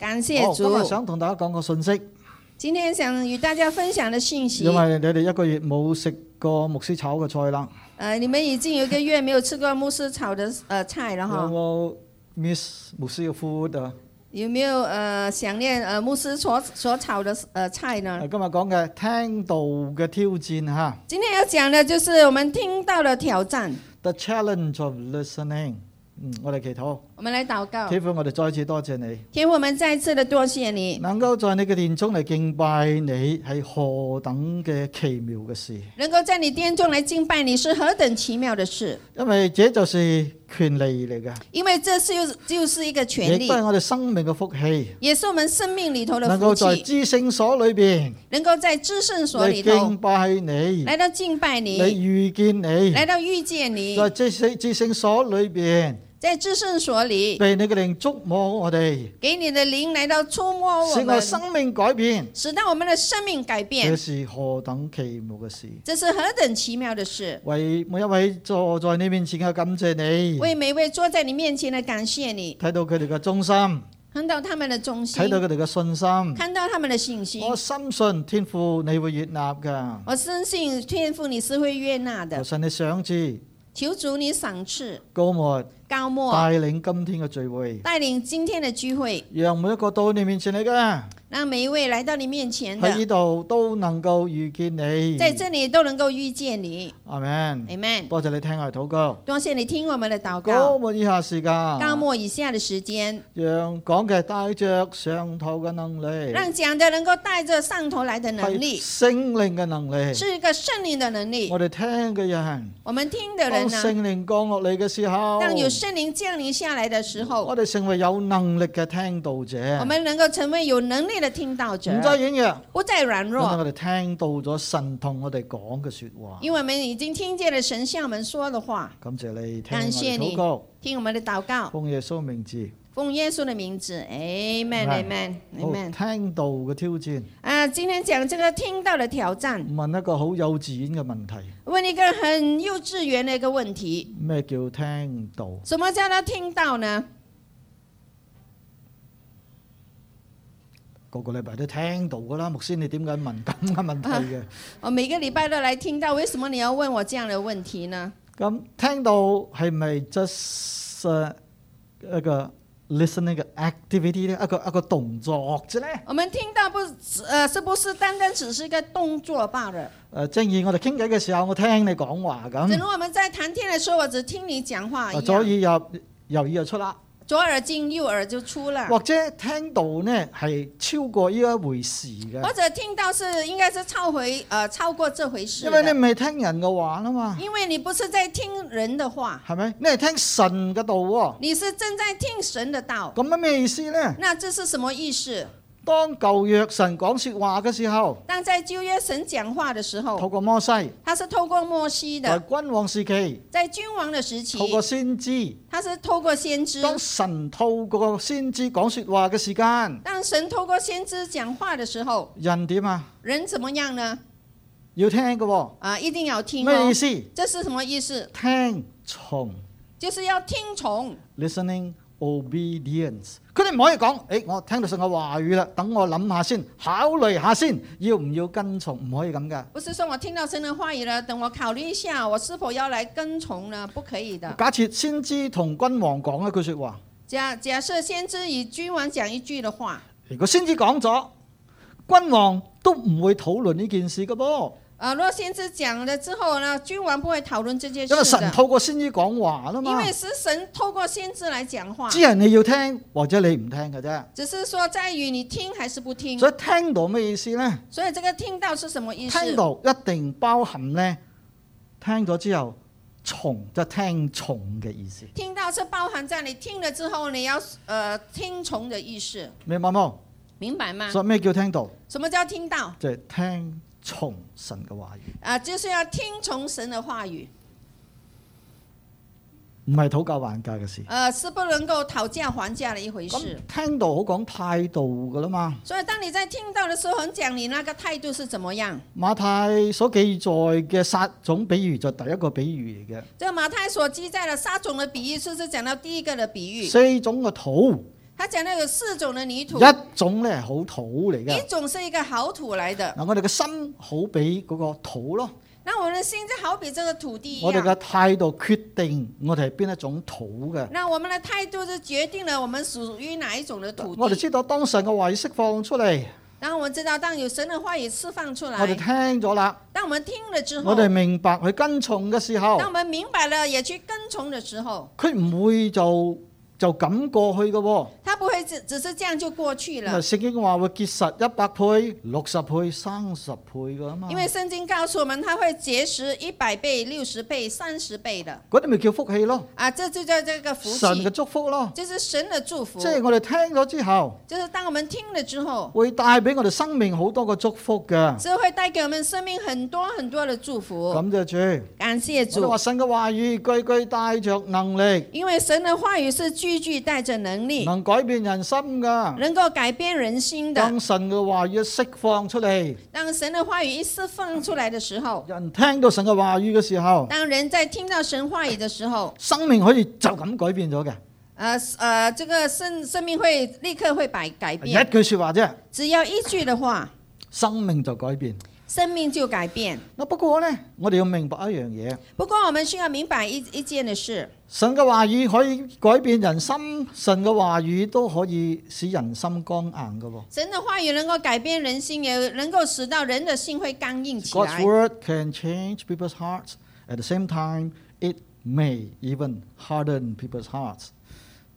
感謝主，我想同大家講個信息。今天想與大家分享的信息，因為你哋一個月冇食過牧師炒嘅菜啦。誒， 你們已經有一個月沒有吃過牧師炒的誒菜啦，哈。有冇 miss 牧師嘅 food？有沒有誒想念誒牧師所所炒的誒菜呢？今日講嘅聽道嘅挑戰，哈。今天要講嘅就是我們聽道嘅挑戰，the challenge of listening。嗯，我哋祈禱。我們嚟禱告。天父，我哋再次多謝你。天父，我哋再次的多謝你。能夠在你嘅殿中嚟敬拜你，係何等嘅奇妙嘅事。能夠在你殿中嚟敬拜你，是何等的奇妙嘅事，事？因為這就是權利嚟噶。因為這是又就是一個權利，亦都係我哋生命嘅福氣，也是我們生命裏頭嘅福氣。能夠在知聖所裏邊，能夠在知聖所裏頭敬拜你，嚟到敬拜你，嚟遇見你，嚟到，到遇見你，在知聖知聖所裏邊。在至聖所裏，被你嘅靈觸摸我哋，給你嘅靈來到觸摸我哋，使我生命改變，使到我們嘅生命改變。這是何等奇妙嘅事！這是何等奇妙嘅事！為每一位坐在你面前嘅感謝你，為每一位坐在你面前嘅感謝你。睇到佢哋嘅忠心，看到他們的忠心，睇到佢哋嘅信心，看到他們的信心。我深信天父你會悅納嘅，我深信天父你是會悅納的。求神你賞賜，求主你賞賜，高帶領今天嘅聚會，帶領今天的聚會，讓每一個到你面前嚟嘅，讓每一位來到你面前喺呢度都能夠遇見你，在這裏都能夠遇見你，阿門，多謝你聽我哋禱告，多謝你聽我們的禱告。高末以下時間，高末以下的時間，啊，讓講嘅帶着上頭嘅能力，讓講嘅能夠帶着上頭來嘅能力，聖靈嘅能力，是一個聖靈嘅能力。我哋聽嘅人，我們聽嘅人呢？聖靈降落嚟嘅時候，聖靈降臨下來的時候，我哋成為有能力嘅聽道者。我們能夠成為有能力的聽道者，唔再軟弱，不再軟弱。我哋聽到咗神同我哋講嘅說話，因為我們已經聽見了神像們說嘅話。感謝你聽，感謝你，聽我們的禱告。奉耶穌名字。奉耶穌的名字，誒 Amen、right，amen，amen，amen、oh。聽道嘅挑戰啊！今天講這個聽道的挑戰。問一個好幼稚園嘅問題。問一個很幼稚園嘅一個問題。咩叫聽道？怎麼叫佢聽道呢？個個禮拜都聽道㗎啦。牧師你點解問咁嘅問題嘅，啊？我每個禮拜都嚟聽道，為什麼你要問我這樣嘅問題呢？咁、嗯、聽道係咪 just、uh, 一個？listening 個 activity 咧，一個一個動作啫咧，我們聽到不，誒、呃，是不是單單只是一個動作罷了？誒、呃，正如我哋傾偈嘅時候，我聽你講話咁。正如我們在談天嘅時候，我只聽你講話。左耳又右耳又出啦。左耳進右耳就出了，或者聽道呢係超過呢一回事嘅。或者聽道是應該是超回，誒，超過這回事，因為你唔係聽人嘅話啦嘛，因為你不是在聽人嘅話，係咪？你係聽神嘅道，你是正在聽神嘅道，咁咩意思呢？那這是什麼意思？當舊約神講說話嘅時候，但在舊約神講話嘅時候，透過摩西，他是透過摩西的。在君王時期，在君王的時期，透過先知，他是透過先知。當神透過先知講說話嘅時間，但神透過先知講話嘅時候，人點啊？人怎麼樣呢？要聽嘅、哦，啊，一定要聽、哦。咩意思？這是什麼意思？聽從，就是要聽從。listening obedience。絕對唔可以講，誒、哎，我聽到神嘅話語啦，等我諗下先，考慮下先，要唔要跟從？唔可以咁噶。不是說我聽到神嘅話語啦，等我考慮一下，我是否要嚟跟從呢？不可以的。假設先知同君王講一句說話，假假設先知與君王講一句嘅話，如果先知講咗，君王都唔會討論呢件事嘅噃。啊！若先知講了之後，呢，君王不會討論這件事。因為神透過先知講話啦嘛。因為是神透過先知來講話。只係你要聽，或者你唔聽嘅啫。只是說在於你聽還是不聽。所以聽道咩意思呢？所以這個聽道是什麼意思？聽道一定包含呢，聽咗之後從，即係聽從嘅意思。聽道是包含在你聽了之後，你要誒聽從嘅意思。明白嗎？明白嗎？所以咩叫聽道？什麼叫聽道？即係聽從神嘅話語，啊，就是要聽從神嘅話語，唔係討價還價嘅事。啊、呃，是不能夠討價還價嘅一回事。聽道好講態度㗎啦嘛，所以當你在聽道嘅時候，很講你那個態度是怎麼樣。馬太所記載嘅撒種比喻就第一個比喻嚟嘅。就馬太所記載嘅撒種嘅比喻，是不是講到第一個嘅比喻？四種嘅土。他講咧有四種的泥土，一種咧係好土嚟嘅，一種是一個好土嚟嘅。嗱，我哋嘅心好比嗰個土咯。那我哋嘅心就好比這個土地一樣。我哋嘅態度決定我哋係邊一種土嘅。那我們的態度就決定了我們屬於哪一種的土地。我哋知道當神嘅話語釋放出嚟，然後我們知道當有神嘅話語釋放出嚟。我哋聽咗啦。當我們聽了之後，我哋明白佢跟從嘅時候，當我們明白了也去跟從的時候，佢唔會做。就咁過去噶喎。哦，他不會只只是這樣就過去了。聖經話會結實一百倍、六十倍、三十倍噶嘛。因為聖經告訴我們，他會結實一百倍、六十倍、三十倍的。嗰啲咪叫福氣咯。啊，這就叫這個神嘅祝福咯，就是神嘅祝福。即係我哋聽咗之後，就是當我們聽咗之後，會帶俾我哋生命好多嘅祝福㗎。即係會帶給我們生命很多很多嘅祝福。咁就主，感謝主。神嘅話語句句帶著能力，因為神嘅話語是句句帶着能力，能改變人心噶，能夠改變人心的。當神嘅話語釋放出嚟，當神嘅話語一釋放出嚟嘅時候，人聽到神嘅話語嘅時候，當人在聽到神話語嘅時候，生命可以就咁改變咗嘅。誒、啊、誒、啊，這個生生命會立刻會擺改變。一句說話啫，只要一句嘅話，生命就改變。生命就改變。那不過呢，我哋要明白一樣嘢。不過我們需要明白一一件嘅事。神嘅話語可以改變人心，神嘅話語都可以使人心剛硬嘅。神嘅話語能夠改變人心，也能夠使到人嘅心會剛硬。God’s word can change people’s hearts. At the same time, it may even harden people’s hearts.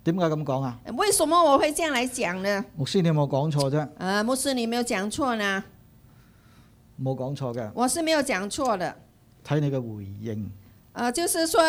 點解咁講啊？為什麼我會這樣來講呢？牧師你有冇講錯啫？誒，牧師你有冇講錯呢？冇講錯嘅，我是沒有講錯的。睇你嘅回應，啊，就是說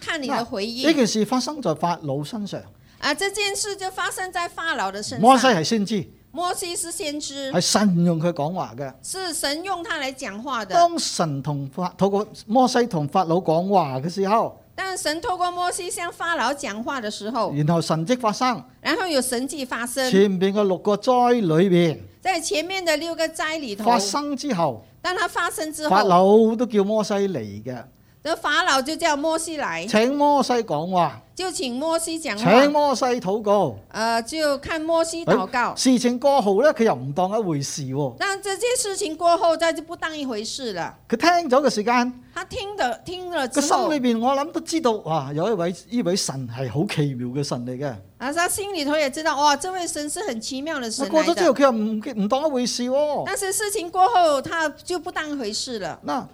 看你嘅回應。呢件事發生在法老身上。啊，這件事就發生在法老嘅身上。摩西係先知，摩西是先知，係神用佢講話嘅，是神用他嚟講話嘅。當神同法，透過摩西同法老講話嘅時候。但神透過摩西向法老講話的時候，然後神蹟發生，然後有神蹟發生。前面的六個災裏面，在前面的六個災裏頭發生之後，當他發生之後，法老都叫摩西嚟嘅，那法老就叫摩西嚟，請摩西講話。就請摩西講話。請摩西禱告。誒、呃，就看摩西禱告。事情過後咧，佢又唔當一回事喎。但這件事情過後，再、哦、就不當一回事了。佢聽咗嘅時間，他聽的聽咗，佢心裏邊我諗都知道，哇，有一位呢位神係好奇妙嘅神嚟嘅。啊，他心裏頭也知道，哇，這位神是很奇妙的神。過咗之後，佢又唔唔當一回事喎、哦。但是事情過後，他就不當一回事了。那。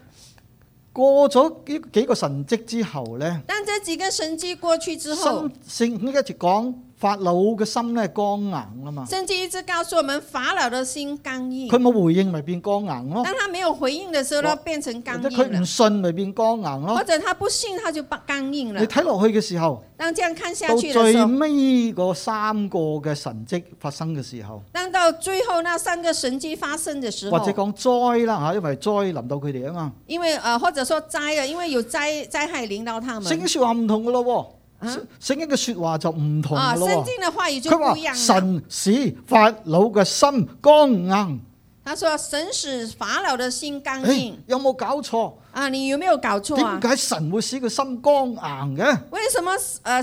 過咗幾個神蹟之後咧，但這幾個神迹過去之後，聖經一直講。法老嘅心咧，係剛硬啦嘛，聖經一直告訴我們法老的心剛硬，佢冇回應咪變剛硬咯。當他沒有回應的時候，咧變成剛硬。佢唔信咪變剛硬咯，或者他不信他就不剛硬了。你睇落去嘅時候，當這樣看下去嘅時候，到最尾嗰三個嘅神蹟發生嘅時候，當到最後那三個神蹟發生嘅時候，或者講災啦吓，因為災臨到佢哋啊嘛。因為誒、呃，或者說災啊，因為有災災害臨到他們。聖書話唔同噶咯喎。嗯、聖經嘅說話就唔同咯，啊。聖經嘅話語就唔一樣。佢話神使法老嘅心剛硬。他說神使法老嘅心剛硬、哎。有冇搞，啊、搞錯啊？你有冇搞錯？點解神會使佢心剛硬嘅？為什麼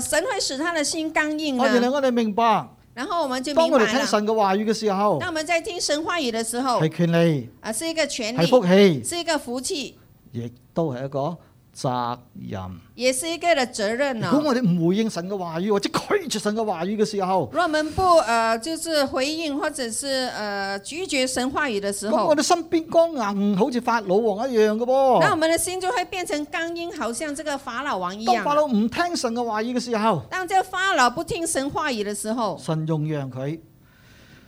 誒神會使他的心剛硬？當然啦，我哋明白。然後我們就幫我哋聽神嘅話語嘅時候。當我們在聽神話語的時候，係權利，啊，是一個權利，福氣，是一個福氣，亦都係一個。責任，也是一個的責任咯。如果我哋唔回應神嘅話語，或者拒絕神嘅話語嘅時候，若我們不誒，就是回應，或者是誒拒絕神話語嘅時候，咁我哋身邊光硬好似法老王一樣嘅噃。那我們嘅心就會變成剛硬，好像這個法老王一樣。當法老唔聽神嘅話語嘅時候，當這個法老不聽神話語嘅時候，神容讓佢，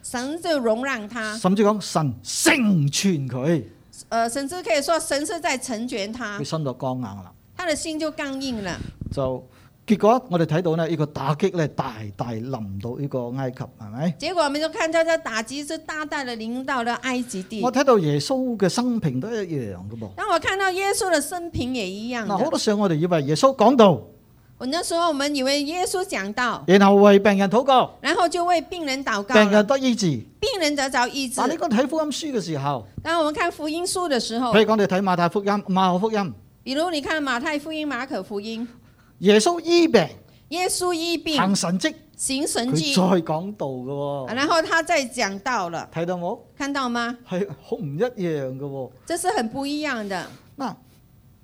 神就容讓他，甚至講神成全佢。呃，甚至可以說神是在成全他。佢生到剛硬啦，他的心就剛硬啦。就結果我哋睇到咧，呢、這個打擊咧大大臨到呢個埃及，係咪？結果我們就看到，呢打擊是大大地臨到了埃及地。我睇到耶穌嘅生平都一樣嘅噃。當我看到耶穌嘅生平也一樣。好多時候我哋以為耶穌講到。我那時候我們以為耶穌講道，然後為病人禱告，然後就為病人禱告，病人得醫治，病人得着醫治。喺呢個睇福音書嘅時候，當我們看福音書嘅時候，可以講你睇馬太福音、馬可福音，比如你看馬太福音、馬可福音，耶穌醫病，耶穌醫病行神迹、行神迹，再講道嘅、哦，然後他再講道了，睇到冇？看到嗎？係好唔一樣嘅喎、哦，這是很不一樣的。那、啊。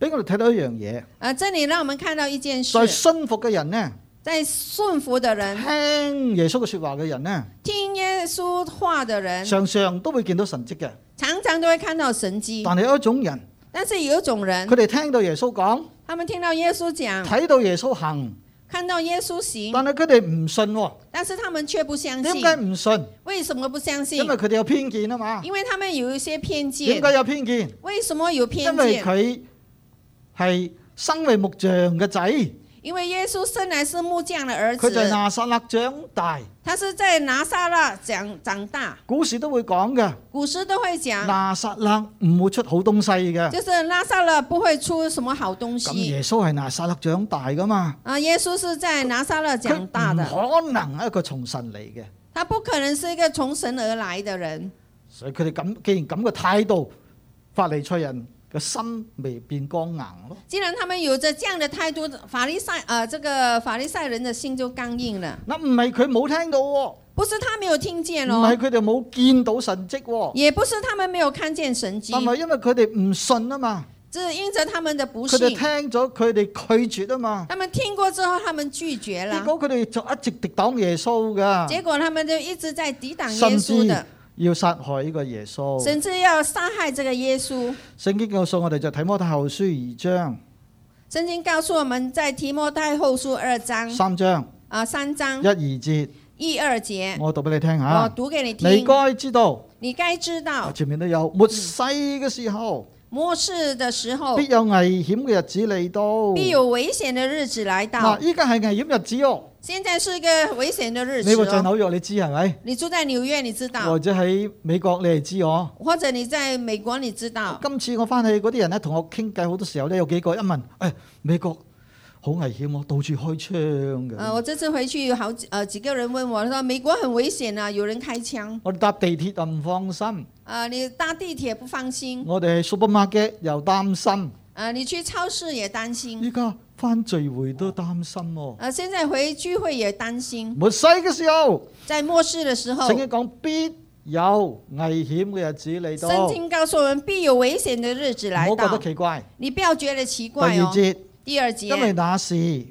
俾我哋睇到一樣嘢。啊，這裏讓我們看到一件事。在信服嘅人呢？在信服嘅人，聽耶穌嘅說話嘅人呢？聽耶穌話嘅人，常常都會見到神蹟嘅。常常都會看到神蹟。但係有一種人，但是有一種人，佢哋聽到耶穌講，他們聽到耶穌講，睇到耶穌行，看到耶穌行，但係佢哋唔信喎、哦。但是他們卻不相信。點解唔信？為什麼不相信？因為佢哋有偏見啊嘛。因為他們有一些偏見。點解有偏見？為什麼有偏見？因為佢。係生為木匠嘅仔，因為耶穌生來是木匠的兒子，佢在拿撒勒長大，他是在拿撒勒長長大。古時都會講嘅，古時都會講拿撒勒唔會出好東西嘅，就是拿撒勒不會出什麼好東西。咁耶穌係拿撒勒長大噶嘛？啊，耶穌是在拿撒勒長大嘅。可能係一個從神嚟嘅，他不可能是一個從神而來嘅人。所以佢哋咁既然咁嘅態度，法利賽人。個心未變剛硬咯。既然他們有着這樣的態度，法利賽啊、呃，這個法利賽人的心就剛硬了。那唔係佢冇聽到。不是他沒有聽見咯。唔係佢哋冇見到神跡。也不是他們沒有看見神跡。係咪因為佢哋唔信啊嘛？是因着他們的不信。佢哋聽咗，佢哋拒絕啊嘛。他們聽過之後，他們拒絕了。結果佢哋就一直抵擋耶穌噶。結果他們就一直在抵擋耶穌的。要殺害呢個耶穌，甚至要殺害這個耶穌。聖經告訴我哋就《提摩太後書》二章，聖經告訴我們在《提摩太後書》二章，三章啊，三章一二節，一二節，我讀俾你聽下，我讀俾你聽，你該知道，你該知道前面都有，末世嘅時候。嗯末世嘅時候必有危險嘅日子嚟到，必有危險嘅日子嚟到。嗱，依家係危險日子哦。現在是一個危險嘅日子、哦。你住喺紐約你，你知係咪？你住在紐約，你知道。或者喺美國，你係知我。或者你在美國，你知道。今次我翻去嗰啲人咧，同我傾偈，好多時候咧，有幾個一問，誒、哎，美國。好危險喎，我到處開槍嘅。啊，我這次回去好，啊幾個人問我說，佢話美國很危險啊，有人開槍。我搭地鐵又唔放心。啊，你搭地鐵不放心。我哋係 Supermarket，又擔心。啊，你去超市也擔心。依家翻聚會都擔心、哦、啊，現在回聚會也擔心。末世嘅時候，在末世的時候。聖經講必有危險嘅日子嚟到。聖經告訴我們必有危險的日子來到。我覺得奇怪，你不要覺得奇怪。第二節，因為那時，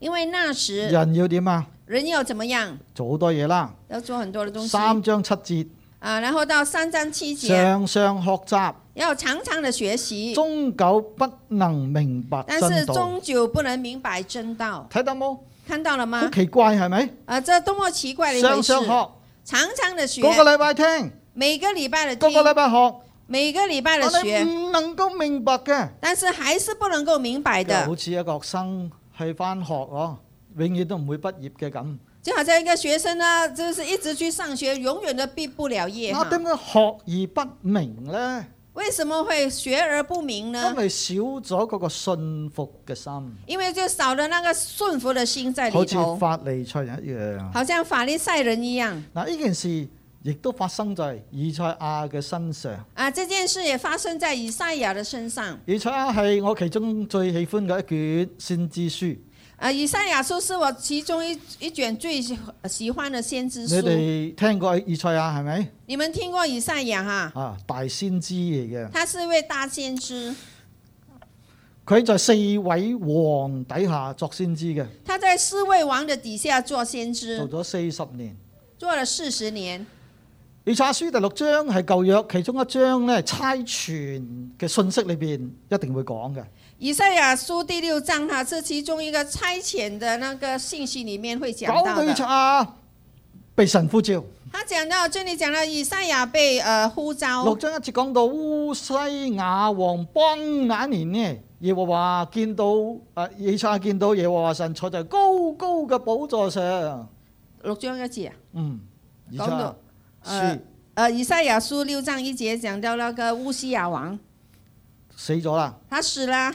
因為那時，人要點啊？人要怎麼樣？做好多嘢啦，要做很多的東西。三章七節啊，然後到三章七節，常常學習，要常常的學習，終究不能明白，但是終究不能明白真道，睇到冇？看到了嗎？好奇怪係咪？啊，即係多麼奇怪的一回事！常常的學，嗰個禮拜聽，每個禮拜的，嗰個禮拜學。每個禮拜的學，唔能夠明白嘅，但是還是不能夠明白的。好似一個學生去翻學哦，永遠都唔會畢業嘅咁。就好像一個學生啊，就，生就是一直去上學，永遠都畢不了業。那點解學而不明呢？為什麼會學而不明呢？因為少咗嗰個信服嘅心。因為就少了那個信服的心在裡頭。好似法利賽人一樣。好像法利賽人一樣。嗱，呢件事。亦都發生在以賽亞嘅身上。啊，這件事也發生在以賽亞嘅身上。以賽亞係我其中最喜歡嘅一卷先知書。啊，以賽亞書是我其中一一卷最喜歡嘅先知書。你哋聽過以賽亞係咪？你們聽過以賽亞哈、啊？啊，大先知嚟嘅。他是一位大先知。佢喺四位王底下作先知嘅。他在四位王嘅底下做先知，做咗四十年。做了四十年。以賽亞書第六章係舊約其中一章咧，係差傳嘅信息裏邊一定會講嘅。以賽亞書第六章即係其中一個差遣嘅那個信息裏面會講到嘅。高都被神呼召。他講到，這裏講到以賽亞被誒呼召。六章一節講到烏西亞王邦那年呢，耶和華見到誒，以賽亞見到耶和華神坐在高高嘅寶座上。六章一節啊。嗯，以誒、呃，以賽亞書六章一節講到那個烏西亞王死咗啦。他死啦。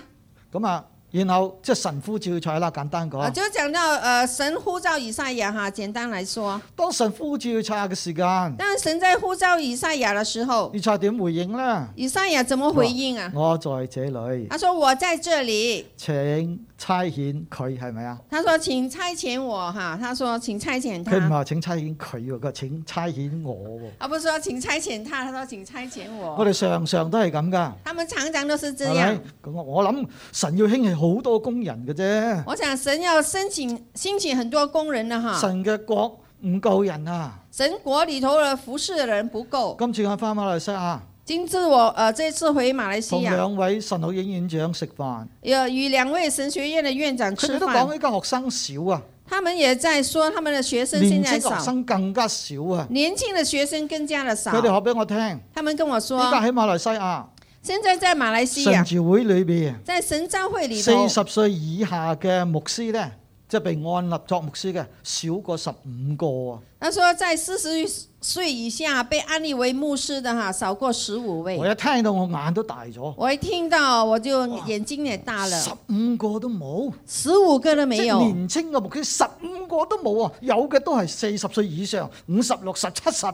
咁啊，然後即係神呼召佢啦，簡單講。就講到誒神呼召以賽亞哈，簡單來說。當神呼召佢嘅時間。但神在呼召以賽亞的時候，以賽點回應啦？以賽亞怎麼回應啊？我在這裏。他話：我在這裏。請。差遣佢係咪啊？他說請差遣我哈，他說請差遣他。佢唔係話請差遣佢喎，佢話請差遣我喎。啊，不是話請差遣他，他說請差遣，遣，遣我。我哋常常都係咁噶。他們常常都是這樣。咁我諗神要興起好多工人嘅啫。我想神要申請申請很多工人啦哈。神嘅國唔夠人啊。神國裏頭嘅服侍嘅人唔夠。今次我返馬來西亞。今次我，呃，這次回馬來西亞，兩位神學院院長食飯，有與兩位神學院的院長，佢哋都講呢個學生少啊，他們也在說他們的學生現在少，年輕學生更加少啊，年輕的學生更加的少，佢哋話俾我聽，他們跟我說，依家喺馬來西亞，現在在馬來西亞神召會裏邊，在神召會裏，四十歲以下嘅牧師咧。即係被安立作牧師嘅少過十五個啊！他說，在四十歲以下被安立為牧師的哈，少過十五位。我一聽到我眼都大咗。我一聽到我就眼睛也大了。十五個都冇，十五個都沒有。沒有年青嘅牧師十五個都冇啊！有嘅都係四十歲以上，五十、六十、七十。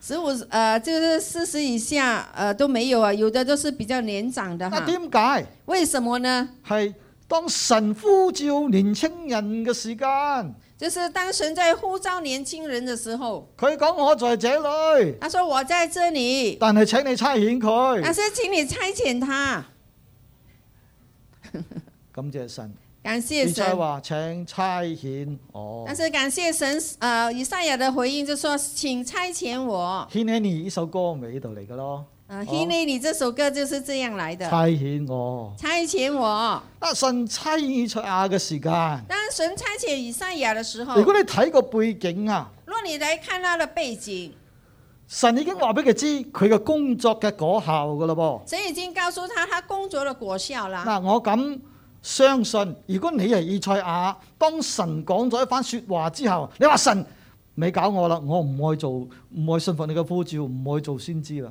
十五，誒、呃，即係四十以下，誒、呃，都沒有啊！有的都是比較年長的哈。點解？為什麼呢？係。當神呼召年輕人嘅時間，就是當神在呼召年輕人嘅時候。佢講，我在這裏，他說我在這裏，但係請你差遣佢，但是請你差遣他。 感謝神，感謝神話請差遣哦。但是感謝神，啊、呃、以賽亞的回應就說請差遣我。去年你呢首歌咪呢度嚟噶咯？啊！希、哦、內你這首歌就是這樣來的。差遣我，差遣我。當神差遣以賽亞嘅時間，當神差遣以賽亞嘅時候，如果你睇過背景啊，如果你睇看佢嘅背景，神已經話俾佢知佢嘅工作嘅果效噶啦噃，神已經告訴他，他工作嘅果效啦。嗱、啊，我咁相信，如果你係以賽亞，當神講咗一番說話之後，你話神，咪搞我啦，我唔愛做，唔愛信服你嘅呼召，唔愛做先知啦。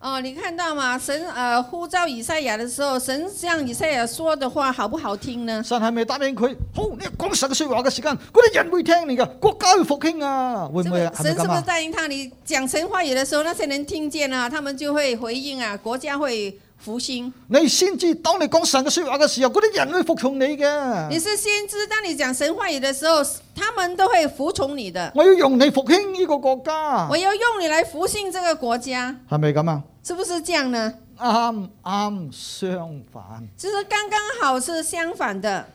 哦，你看到嗎？神呃呼召以賽亞的時候，神向以賽亞說的話好不好聽呢？神還沒答應佢，吼、哦！你講神說話嘅時間，嗰啲人會聽你的，國家會復興啊？會唔會啊？神是不是答應他？你講神話語的時候，那些人聽見啊，他們就會回應啊，國家會。復興，你先知。當你講神嘅說話嘅時候，嗰啲人會服從你嘅。你是先知，當你講神話語嘅時候，他們都會服從你嘅。我要用你復興呢個國家，我要用你嚟復興這個國家，係咪咁啊？是不是這樣呢、啊？啱、嗯、啱、嗯嗯、相反，其、就、實、是、剛剛好是相反的。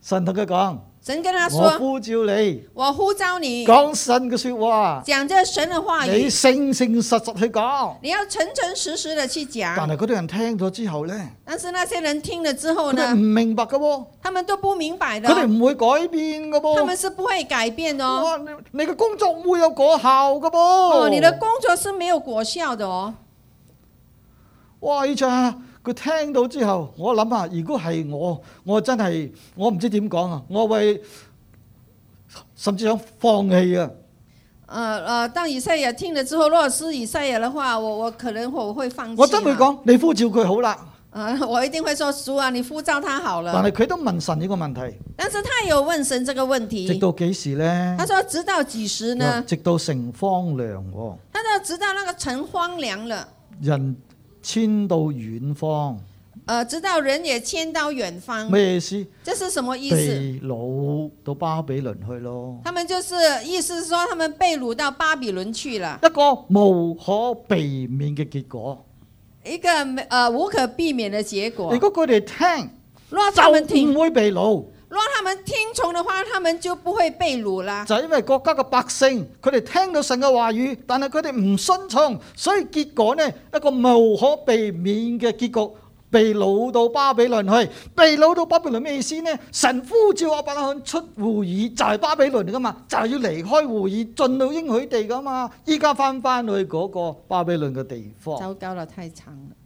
神同佢講。神跟他說：我呼召你，我呼召你講神嘅說話，講這神嘅話，你誠誠實實去講，你要誠誠實實的去講。但係嗰啲人聽咗之後呢？但是那些人聽咗之後呢？唔明白噶喎、哦，他們都不明白的，佢哋唔會改變噶喎、哦，他們是不會改變的哦。你你嘅工作沒有果效噶噃、哦？哦，你的工作是沒有果效的哦。哇！依家。佢聽到之後，我諗下，如果係我，我真係我唔知點講啊！我會甚至想放棄啊！啊啊！當以賽亞聽咗之後，如果是以賽亞嘅話，我我可能我會放棄。我真會講，你呼召佢好啦。啊！我一定會說：主啊，你呼召他好了。但係佢都問神呢個問題。但是，他有問神這個問題。直到幾時咧？他說：直到幾時呢？直到城荒涼。他就直到那個城荒涼了。人。遷到遠方，誒、呃，直到人也遷到遠方。咩意思？這是什麼意思？被擄到巴比倫去咯。他們就是意思是說，他們被擄到巴比倫去了。一個無可避免嘅結果，一個誒無可避免嘅結果。如果佢哋聽,聽，就唔會被擄。如果他們聽從的話，他們就不會被擄啦。就因為國家嘅百姓，佢哋聽到神嘅話語，但係佢哋唔順從，所以結果呢，一個無可避免嘅結局，被擄到巴比倫去。被擄到巴比倫咩意思呢？神呼召阿伯拉罕出戶耳，就係巴比倫嚟噶嘛，就係要離開戶耳，進到應許地噶嘛。依家翻翻去嗰個巴比倫嘅地方。糟糕啦，太慘啦。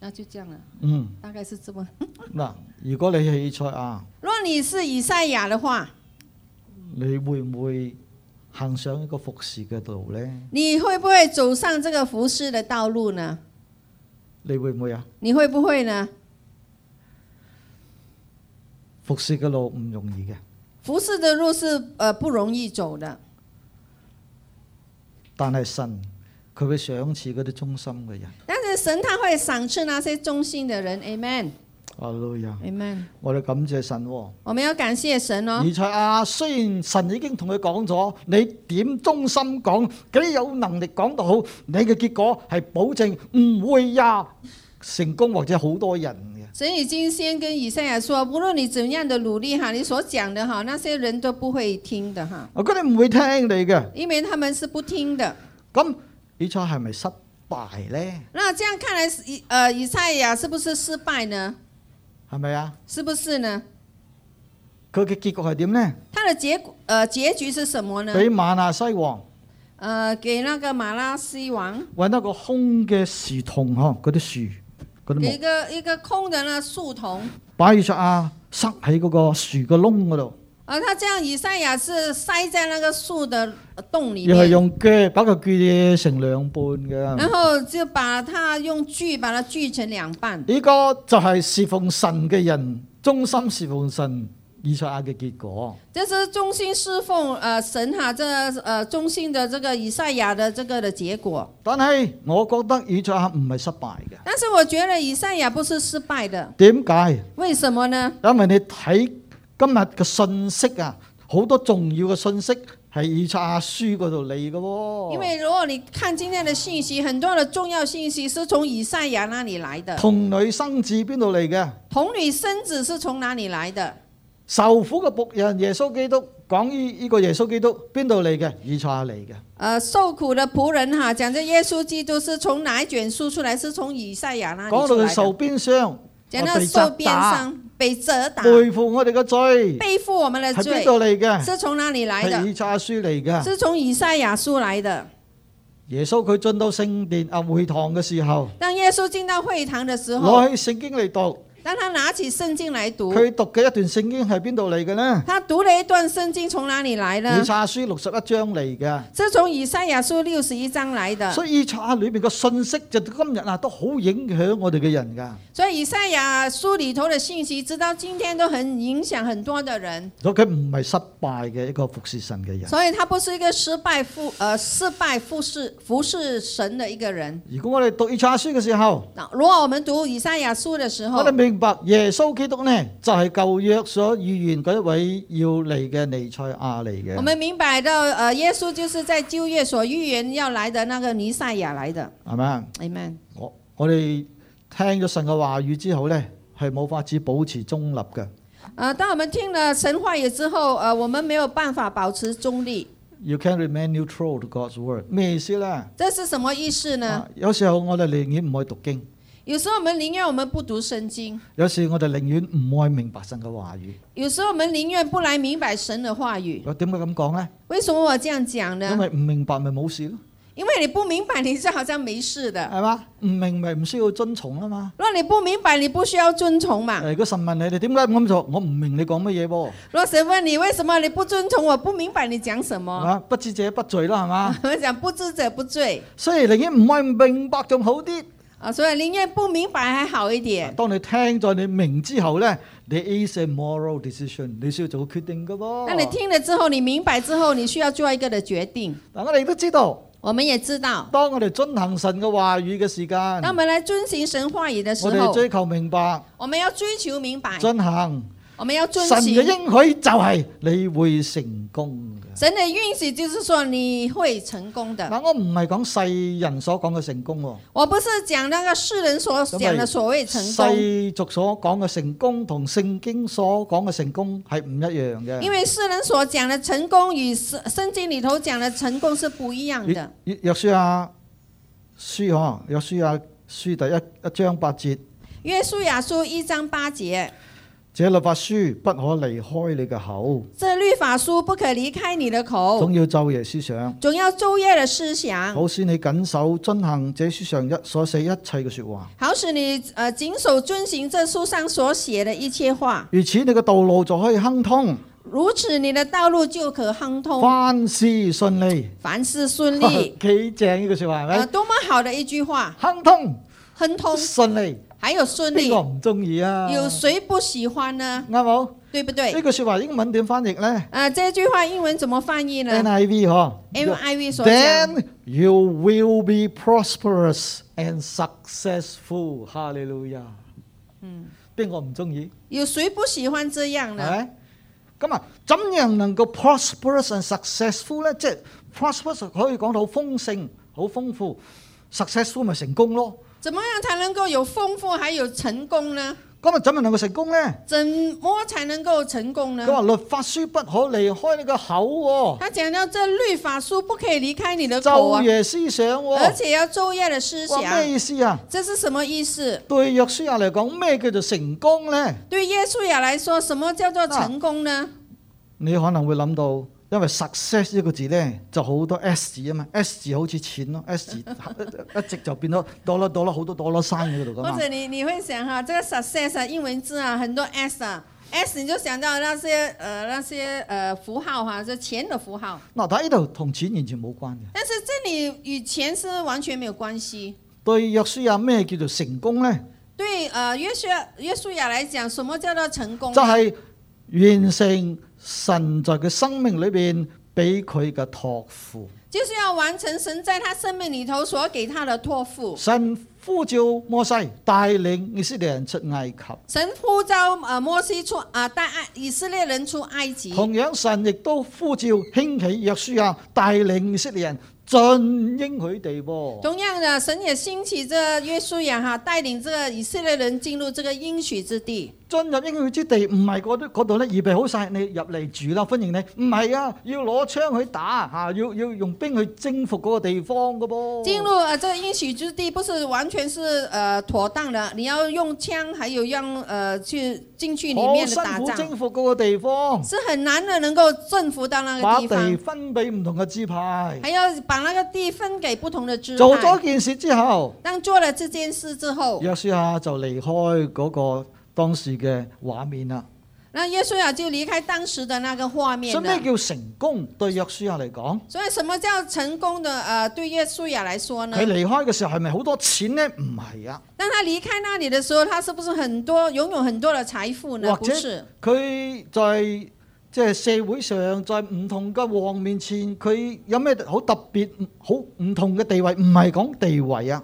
那就這樣啦，嗯，大概是這麼。 如果你係以賽亞，如果你是以賽亞的話，你會唔會行上一個服侍嘅路呢？你會唔會走上這個服侍嘅道路呢？你會唔會啊？你會唔會呢？服侍嘅路唔容易嘅。服侍嘅路是誒不容易走嘅，但係神佢會賞賜嗰啲忠心嘅人。神他會賞賜那些忠心的人，Amen。阿路亞，Amen。我哋感謝神，哦，我們要感謝神哦。而且啊，雖然神已經同佢講咗，你點忠心講，幾有能力講到好，你嘅結果係保證唔會呀，啊，成功或者好多人嘅。神已經先跟以賽亞說，無論你怎樣的努力哈，你所講嘅哈，那些人都不會聽的哈。我佢哋唔會聽你嘅，因為他們是不聽的。咁，以賽係咪失敗咧，那這樣看來，以，呃，以賽亞是不是失敗呢？係咪啊？是不是呢？佢嘅結果係點呢？他的結，呃，結局是什麼呢？俾瑪納西王，呃，給那個馬拉西王，揾一個空嘅樹桶嗬，嗰啲樹，嗰啲木一。一個一個空嘅那樹桶，把以賽亞塞喺嗰個樹個窿嗰度。而、哦、他這樣以賽亞是塞在那個樹的洞裏面，又用鋸，把佢鋸成兩半嘅。然後就把它用鋸把它鋸成兩半。呢、這個就係侍奉神嘅人忠心侍奉神以賽亞嘅結果。就是忠心侍奉神下、這個，誒神哈，這誒忠心的這個以賽亞的這個的結果。但係我覺得以賽亞唔係失敗嘅。但是我覺得以賽亞不是失敗的。點解？為什麼呢？因為你睇。今日嘅信息啊，好多重要嘅信息係以查書嗰度嚟嘅喎。因為如果你看今天嘅信息，很多嘅重要信息是從以賽亞那裡嚟嘅。童女生子邊度嚟嘅？童女生子是從哪裡嚟嘅？受苦嘅僕人耶穌基督，講呢呢個耶穌基督邊度嚟嘅？以查嚟嘅。誒、呃，受苦嘅僕人哈，講咗耶穌基督是從哪卷書出嚟，是從以賽亞那裡。講到佢受鞭傷，講到受鞭傷。被責打背負我哋嘅罪，背負我們嘅罪是,的是從哪裡來嘅？以賽亞書嚟嘅，是從以賽亞書嚟嘅。耶穌佢進到聖殿啊會堂嘅時候，當耶穌進到會堂嘅時候，我去聖經嚟讀。當他拿起聖經來讀，佢讀嘅一段聖經係邊度嚟嘅呢？他讀了一段聖經從哪裏來呢？以賽書六十一章嚟嘅，即從以賽亞書六十一章嚟嘅。所以以賽亞裏邊嘅信息，就今日啊都好影響我哋嘅人噶。所以以賽亞書裏頭嘅信息，直到今天都很影響很多嘅人。所以佢唔係失敗嘅一個服侍神嘅人。所以佢唔係一個失敗服、呃，失敗服侍服侍神嘅一個人。如果我哋讀以賽亞書嘅時候，嗱如果我們讀以賽亞書嘅時候，耶穌基督呢，就係、是、舊約所預言嗰一位要嚟嘅尼賽亞嚟嘅。我們明白到，誒，耶穌就是在舊約所預言要來的那個尼賽亞嚟嘅，係咪啊？阿門。我我哋聽咗神嘅話語之後呢，係冇法子保持中立嘅。啊，當我們聽了神話語之後，誒、啊，我們沒有辦法保持中立。You can't remain neutral to God’s word，咩意思呢？這是什麼意思呢？啊、有時候我哋寧願唔去讀經。有時候我們寧願我們不讀聖經。有時我哋寧願唔愛明白神嘅話語。有時候我們寧願不來明白神嘅話語。我點解咁講咧？為什麼我這樣講呢？因為唔明白咪冇事咯。因為你不明白，你就好像沒事的，係嘛？唔明咪唔需要遵從啦嘛。若你不明白，你不需要遵從嘛。如果神問你哋點解咁做，我唔明你講乜嘢噃？若神問你為什麼你不遵從，我不明白你講什麼？啊，不知者不罪啦，係嘛？我 想不知者不罪，所以寧願唔愛唔明白仲好啲。啊，所以寧願不明白還好一點。當你聽咗你明之後咧，你 is a moral decision，你需要做個決定噶噃。那你聽了之後，你明白之後， 你需要做一個的決定。嗱，我哋都知道。我們也知道。當我哋遵行神嘅話語嘅時間。當我們嚟遵行神話語嘅時候。我哋追求明白。我們要追求明白。遵行。我們要遵循神嘅應許，就係你會成功嘅。神嘅應許就是說你會成功的。嗱，我唔係講世人所講嘅成功。我不是講那個世人所講嘅所謂成功。世俗所講嘅成功同聖經所講嘅成功係唔一樣嘅。因為世人所講嘅成、成功與聖經裏頭講嘅成功是不一樣的。約約書亞書嗬，約書亞書第一一章八節。約書亞書一章八節。這律法書不可離開你嘅口，這律法書不可離開你的口，總要晝夜思想，總要晝夜的思想，好使你謹守遵行這書上一所寫一切嘅說話，好使你誒謹、呃、守遵行這書上所寫的一切話，如此你嘅道路就可以亨通，如此你的道路就可亨通，凡事順利，凡事順利，幾正呢句說話係咪、呃？多麼好嘅一句話，亨通，亨通，順利。還有順利，邊個唔中意啊？有誰不喜歡呢？啱冇？對不對？呢句說話英文點翻譯咧？啊，這句話英文怎麼翻譯呢？NIV 嗬，M I V 所講。Then you will be prosperous and successful. 哈利路亞。嗯，邊個唔中意？有誰不喜歡這樣呢？咁啊，怎樣能夠 prosperous and successful 咧？即係 prosperous 可以講到豐盛、好豐富，successful 咪成功咯。怎麼樣才能夠有豐富還有成功呢？今日怎麼能夠成功呢？怎麼才能夠成功呢？佢話律法書不可離開你個口哦。他講到這律法書不可以離開你的口、啊、晝夜思想哦，而且要晝夜的思想。咩意思啊？這是什麼意思？對約書亞嚟講咩叫做成功呢？對耶穌亞來說，什麼叫做成功呢？啊、你可能會諗到。因為 success 呢個字咧，就好多 S 字啊嘛，S 字好似錢咯，S 字一直就變到 Dol, 多啦多啦好多多啦山喺嗰度咁啊。或者你，你會想嚇，即、這個 success 啊，英文字啊，很多 S 啊，S 你就想到那些，呃，那些，呃，符號嚇、啊，就錢嘅符號。嗱，睇呢度同錢完全冇關嘅。但是這裡與錢是完全沒有關係。對約書亞咩叫做成功咧？對，呃，約書約書亞嚟講，什麼叫做成功？就係、是、完成。神在佢生命裏邊俾佢嘅託付，就是要完成神在他生命裏頭所給他的託付。神呼召摩西帶領以色列人出埃及。神呼召啊，摩西出啊，帶愛以色列人出埃及。同樣，神亦都呼召興起約書亞，帶領以色列人進應許地。同樣嘅，神也興起這約書亞哈，帶領這以色列人進入這個應許之地。進入應許之地唔係嗰啲度咧，預備好晒，你入嚟住啦，歡迎你。唔係啊，要攞槍去打吓、啊，要要用兵去征服嗰個地方嘅噃。進入啊，這個應許之地不是完全是誒、呃、妥當嘅，你要用槍，還有用誒去、呃、進去裡面打仗。辛苦征服嗰個地方。是很難的，能夠征服到那個地方把地分俾唔同嘅支派。還要把那個地分給不同嘅支派。做咗件事之後。當做咗這件事之後。約書亞就離開嗰、那個當時嘅畫面啊，那耶穌啊就離開當時的那個畫面。所以咩叫成功對耶穌啊嚟講？所以什麼叫成功的？誒，對耶穌啊來說呢？佢離開嘅時候係咪好多錢呢？唔係啊。當他離開那裡的時候，他是不是很多擁有很多的財富呢？或者佢在即係、就是、社會上，在唔同嘅王面前，佢有咩好特別、好唔同嘅地位？唔係講地位啊。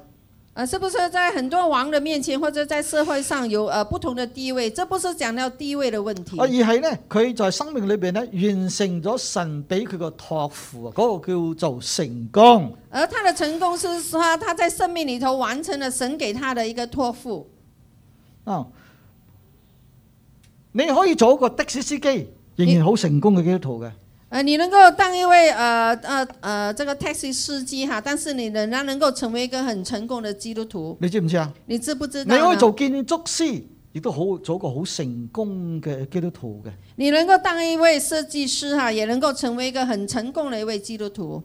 是不是在很多王的面前，或者在社會上有不同的地位？這不是講到地位的問題。而係呢，佢在生命裏邊呢完成咗神俾佢個託付，嗰、那個叫做成功。而他的成功是說，他在生命裏頭完成了神給他的一個託付。啊，你可以做一個的士司機，仍然好成功嘅基督徒嘅。呃，你能夠當一位呃呃呃這個 taxi 司機哈，但是你仍然能夠成為一個很成功的基督徒。你知唔知啊？你知不知道？你因為做建築師，亦都好做一個好成功嘅基督徒嘅。你能夠當一位設計師哈，也能夠成為一個很成功的一位基督徒。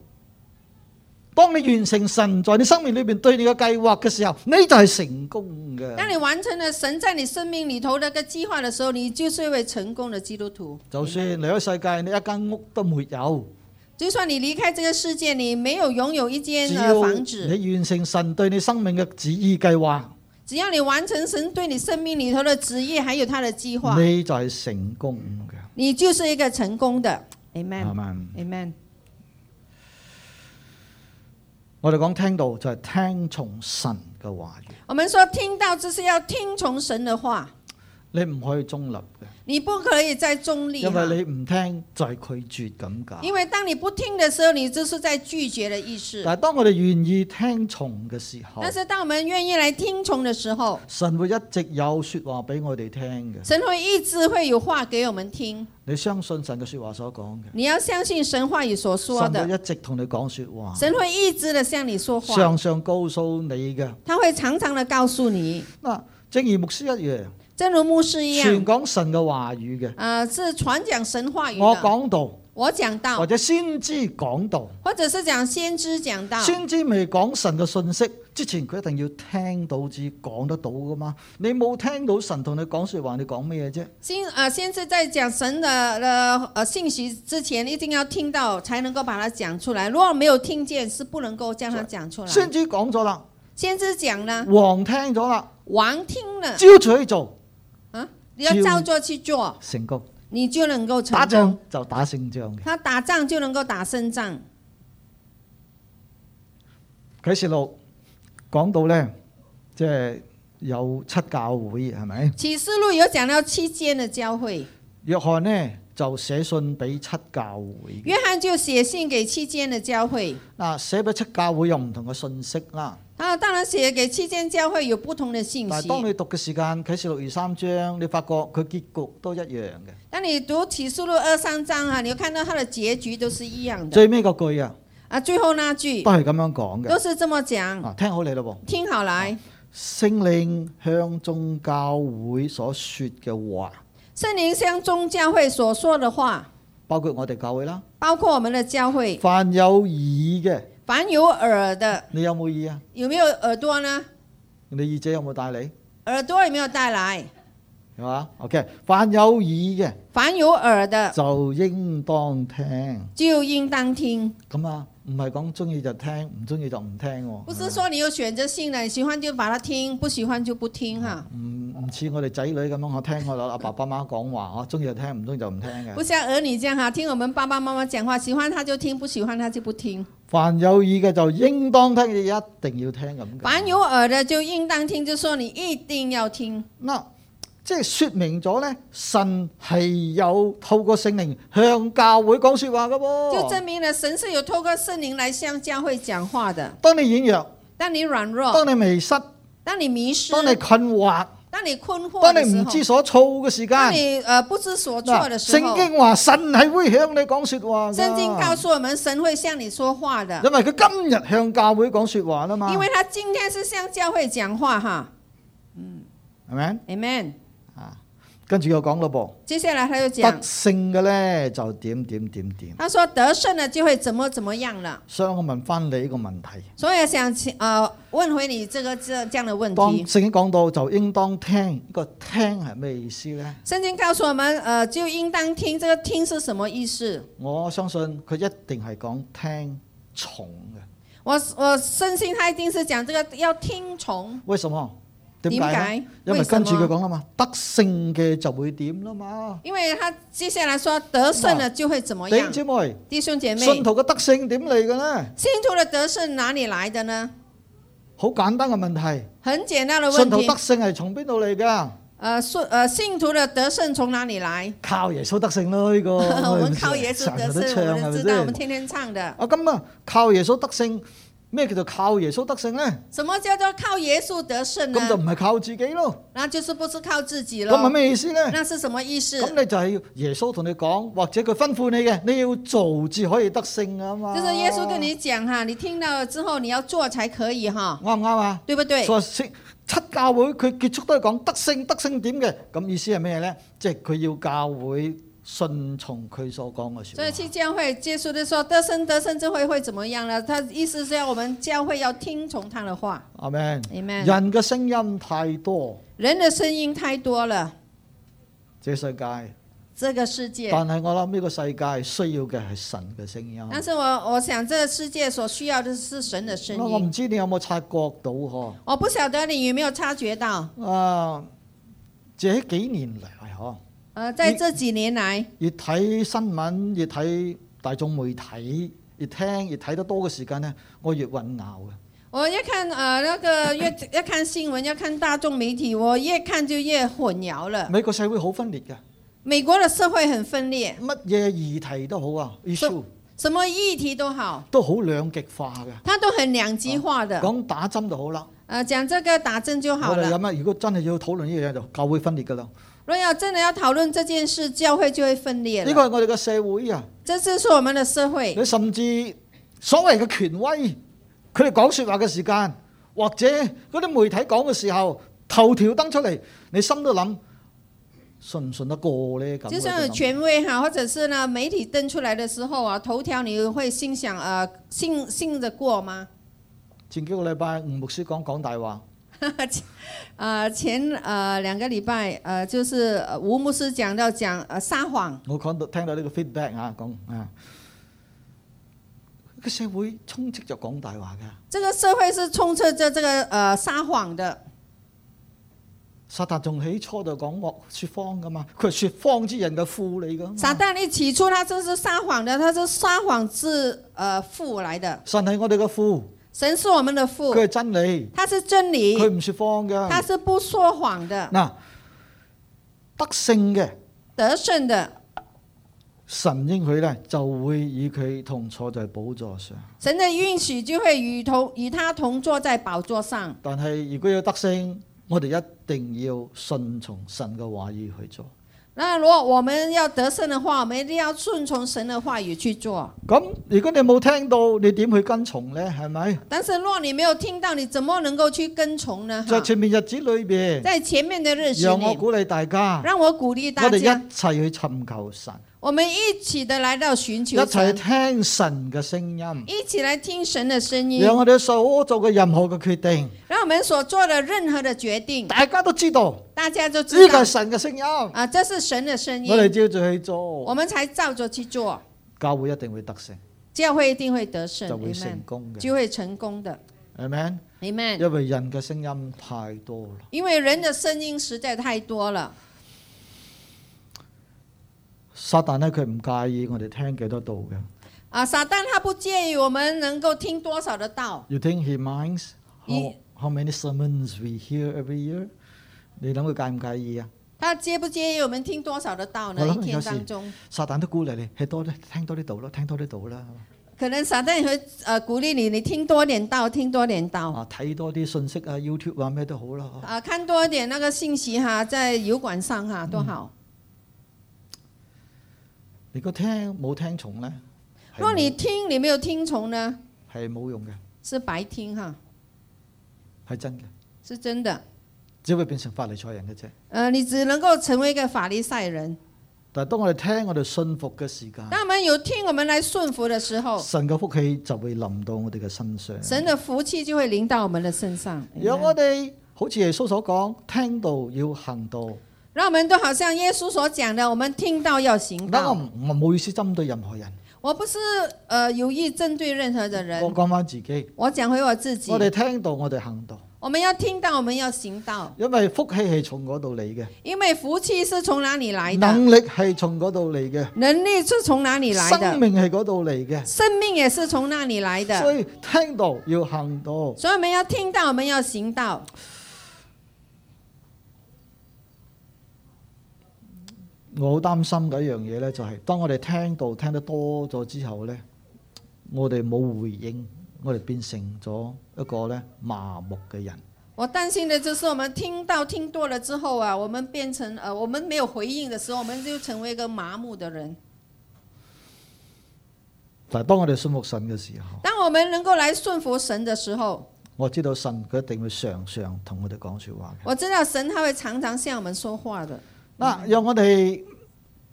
當你完成神在你生命裏面對你嘅計劃嘅時候，你就係成功嘅。當你完成了神在你生命裏頭那個計劃嘅時候，你就是一位成功的基督徒。就算你喺世界，你一間屋都沒有。就算你離開這個世界，你沒有擁有一間房子。你完成神對你生命嘅旨意計劃。只要你完成神對你生命裏頭嘅旨意，還有他的計劃，你就係成功嘅。你就是一個成功的，阿門，阿門。我哋講聽到就係聽從神嘅話語。我們說聽到，這是要聽從神嘅話。你唔可以中立。你不可以再中立，啊，因為你唔聽，就拒絕咁解。因為當你不聽的時候，你就是在拒絕的意思。但係當我哋願意聽從嘅時候，但是當我們願意來聽從的時候，神會一直有說話俾我哋聽嘅。神會一直會有話給我們聽。你相信神嘅說話所講嘅。你要相信神話語所說的。神會一直同你講說話。神會一直的向你說話。常常告訴你㗎。他會常常的告訴你。那，啊、正如牧師一樣。正如牧師一樣，傳講神嘅話語嘅，啊、呃，是傳講神話語。我講道，我講道，或者先知講道，或者是講先知講道。先知未講神嘅信息之前，佢一定要聽到至講得到噶嘛？你冇聽到神同你講說話，你講咩啫？先啊、呃，先知在講神嘅嘅信息之前，一定要聽到，才能夠把它講出來。如果沒有聽見，是不能夠將它講出來。先知講咗啦，先知講啦，王聽咗啦，王聽了，取你要照做去做，成功你就能夠成功。打仗就打勝仗，佢打仗就能夠打勝仗。啟示錄講到咧，即係有七教會，係咪？啟示錄有講到七間嘅教會。約翰呢就寫信俾七教會，約翰就寫信俾七間嘅教會。嗱，寫俾七教會有唔同嘅信息啦。啊，當然寫給七間教會有不同的信息。但當你讀嘅時間，佢是六二三章，你發覺佢結局都一樣嘅。當你讀啟示錄二三章啊，你又看到佢嘅結局都係一樣。最尾嗰句啊，啊最後那句都係咁樣講嘅，都是這麼講。聽好嚟咯，聽好嚟，啊。聖靈向眾教會所說嘅話，聖靈向眾教會所說嘅話，包括我哋教會啦，包括我們嘅教會。凡有耳嘅。凡有耳的，你有冇耳啊？有沒有耳朵呢？你的耳仔有冇帶來？耳朵有沒有帶來？o、okay, k 凡有耳嘅，凡有耳嘅，就應當聽，就應當聽。咁啊，唔係講中意就聽，唔中意就唔聽。唔不是說你有選擇性嘅，喜歡就把它聽，不喜歡就不聽吓。唔唔似我哋仔女咁樣，我聽我老阿爸爸媽媽講話，我中意就聽，唔中意就唔聽嘅。不像兒女這樣吓，聽我們爸爸媽媽講話，喜歡他就聽，不喜歡他就不聽。凡有耳嘅就應當聽，你一定要聽咁。凡有耳嘅，就應當聽，就說你一定要聽。No, 即係說明咗咧，神係有透過聖靈向教會講說話嘅喎。就證明了神是有透過聖靈嚟向教會講話的。當你軟弱，當你軟弱，當你迷失，當你迷失，當你困惑，當你困惑，當你唔知所措嘅時間，當你誒、呃、不知所措嘅時候，聖經話神係會向你講說話。聖經告訴我們神會向你說話的，因為佢今日向教會講說話啊嘛。因為他今天是向教會講話哈，嗯，係咪？Amen, Amen. 跟住又講咯噃，接下來他又講得勝嘅咧就點點點點。他說得勝呢就會怎麼怎麼樣了。所以我問翻你呢個問題。所以想請啊問回你這個這這樣的問題。當聖經講到就應當聽，呢個聽係咩意思咧？聖經告訴我們、呃，就應當聽，這個聽是什麼意思？我相信佢一定係講聽從嘅。我我深信他一定是講這個要聽從。為什麼？點解？因為跟住佢講啦嘛，得勝嘅就會點啦嘛。因為他接下來說得勝了就會怎麼樣。弟兄妹、弟兄姐妹，信徒嘅得勝點嚟嘅呢？信徒的得勝哪裡來的呢？好簡單嘅問題。很簡單的問題。信徒得勝係從邊度嚟噶？誒信誒信徒的得勝從哪裡來？靠耶穌得勝咯呢個。我們靠耶穌得勝，我們知道，我們天天唱的。啊咁啊，靠耶穌得勝。咩叫做靠耶穌得勝咧？什麼叫做靠耶穌得勝咧？咁就唔係靠自己咯。那就是不是靠自己咯？咁係咩意思咧？那是什麼意思？咁你就係耶穌同你講，或者佢吩咐你嘅，你要做至可以得勝啊嘛。就是耶穌同你講吓，你聽到之後你要做才可以吓。啱唔啱啊？對不對？所以七教會佢結束都係講得勝，得勝點嘅？咁意思係咩咧？即係佢要教會。順從佢所講嘅說，所以去教會接受嘅說，得勝得勝之會會怎麼樣呢？他意思是我們教會要聽從他嘅話。阿門。阿門。人嘅聲音太多。人嘅聲音太多了，這世界。這個世界。但係我諗呢個世界需要嘅係神嘅聲音。但是我我想，這個世界所需要嘅是神嘅聲音。我唔知你有冇察覺到嗬？我不曉得你有沒有察覺到。啊，這幾年嚟嗬。呃，在這幾年來，越睇新聞，越睇大眾媒體，越聽越睇得多嘅時間呢，我越混淆嘅。我一看呃，那個越要、呃、看新聞，要看大眾媒體，我越看就越混淆了。美國社會好分裂嘅。美國嘅社會很分裂。乜嘢議題都好啊 issue 什麼議題都好。都好兩極化嘅。它都很兩極化的。啊、講打針就好啦。呃，講這個打針就好了。咁啊，如果真係要討論一樣，就教會分裂嘅啦。如果要真的要討論這件事，教會就會分裂。呢個係我哋嘅社會啊！即係，即係我們嘅社會。你甚至所謂嘅權威，佢哋講說話嘅時間，或者嗰啲媒體講嘅時候，頭條登出嚟，你心都諗信唔信得過呢？咁就算有權威吓，或者是呢媒體登出來嘅時候啊，頭條你會心想，誒、呃，信信得過嗎？前幾個禮拜，吳牧師講講大話。 前啊、呃呃、兩個禮拜，呃、就是吳牧師講到講啊、呃、撒謊，我看到聽到呢個 feedback 啊講啊，這個社會充斥着講大話噶，呢、這個社會是充斥着這個啊、呃、撒謊的。撒旦仲起初就講我說謊噶嘛，佢係說謊之人嘅父嚟噶。撒旦你起初他真是撒謊的，他是撒謊之、呃、父嚟嘅。的。神係我哋嘅父。神是我們的父，佢係真理，他是真理，佢唔說謊嘅，他是不說謊嘅。嗱，得勝嘅，得勝嘅。神應許咧就會與佢同坐在寶座上，神嘅應許就會與同與他同坐在寶座上，但係如果要得勝，我哋一定要順從神嘅話語去做。那如果我們要得勝的話，我們一定要順從神的話語去做。咁如果你冇聽到，你點去跟從咧？係咪？但是若你沒有聽到，你怎麼能夠去跟從呢？在、就是、前面日子裏邊，在前面的日子裏，讓我鼓勵大家，讓我鼓勵大家，我哋一齊去尋求神。我們一起的來到尋求，一齊聽神的聲音。一起來聽神的聲音，讓我們所做的任何的決定，讓我們所做的任何的決定，大家都知道，大家都知道。呢個係神的聲音啊，這是神的聲音，我哋照着去做，我們才照着去做，教會一定會得勝，教會一定會得勝，就會成功嘅，就會成功的，阿門，阿門。因為人的聲音太多了，因為人的聲音實在太多了。撒旦咧佢唔介意我哋聽幾多道嘅。啊，撒旦，他不介意我們能夠聽多少的道。You think he minds? How, how many sermons we hear every year？你諗佢介唔介意啊？他介不介意我們聽多少的道呢一天當中？撒旦都鼓勵你，吃多啲聽多啲道咯，聽多啲道啦。可能撒旦佢誒、呃、鼓勵你，你聽多點道，聽多點道。啊，睇多啲信息啊，YouTube 啊咩都好啦、啊。啊，看多一點那個信息哈，在油管上哈都、啊、好。嗯。你個聽冇聽從咧？如果你聽，你沒有聽從呢？係冇用嘅。是白聽吓？係真嘅？是真的。只會變成法利賽人嘅啫。誒、呃，你只能夠成為一個法利賽人。但係當我哋聽，我哋信服嘅時間。當我們有聽，我們來信服嘅時候，神嘅福氣就會臨到我哋嘅身上。神嘅福氣就會臨到我們嘅身，身上。如果我哋好似耶穌所講，聽道要行道。那我們都好像耶穌所講的，我們聽到要行道。那我我冇意思針對任何人。我不是誒有意針對任何的人。我講翻自己。我講回我自己。我哋聽到我哋行道。我們要聽到，我們要行道。因為福氣係從嗰度嚟嘅。因為福氣是從哪裡來的？能力係從嗰度嚟嘅。能力是從哪裡來，的是裡來的？生命係嗰度嚟嘅。生命也是從哪裡來的？所以聽到要行道。所以我們要聽到，我們要行道。我好擔心嘅一樣嘢咧，就係當我哋聽到聽得多咗之後咧，我哋冇回應，我哋變成咗一個咧麻木嘅人。我擔心嘅就是，我們聽到聽多了之後啊，我們變成，呃，我們沒有回應嘅時候，我們就成為一個麻木嘅人。但係當我哋信服神嘅時候，當我們能夠來信服神嘅時候，我知道神佢一定會常常同我哋講說話的。我知道神他會常常向我們說話的。嗱，讓我哋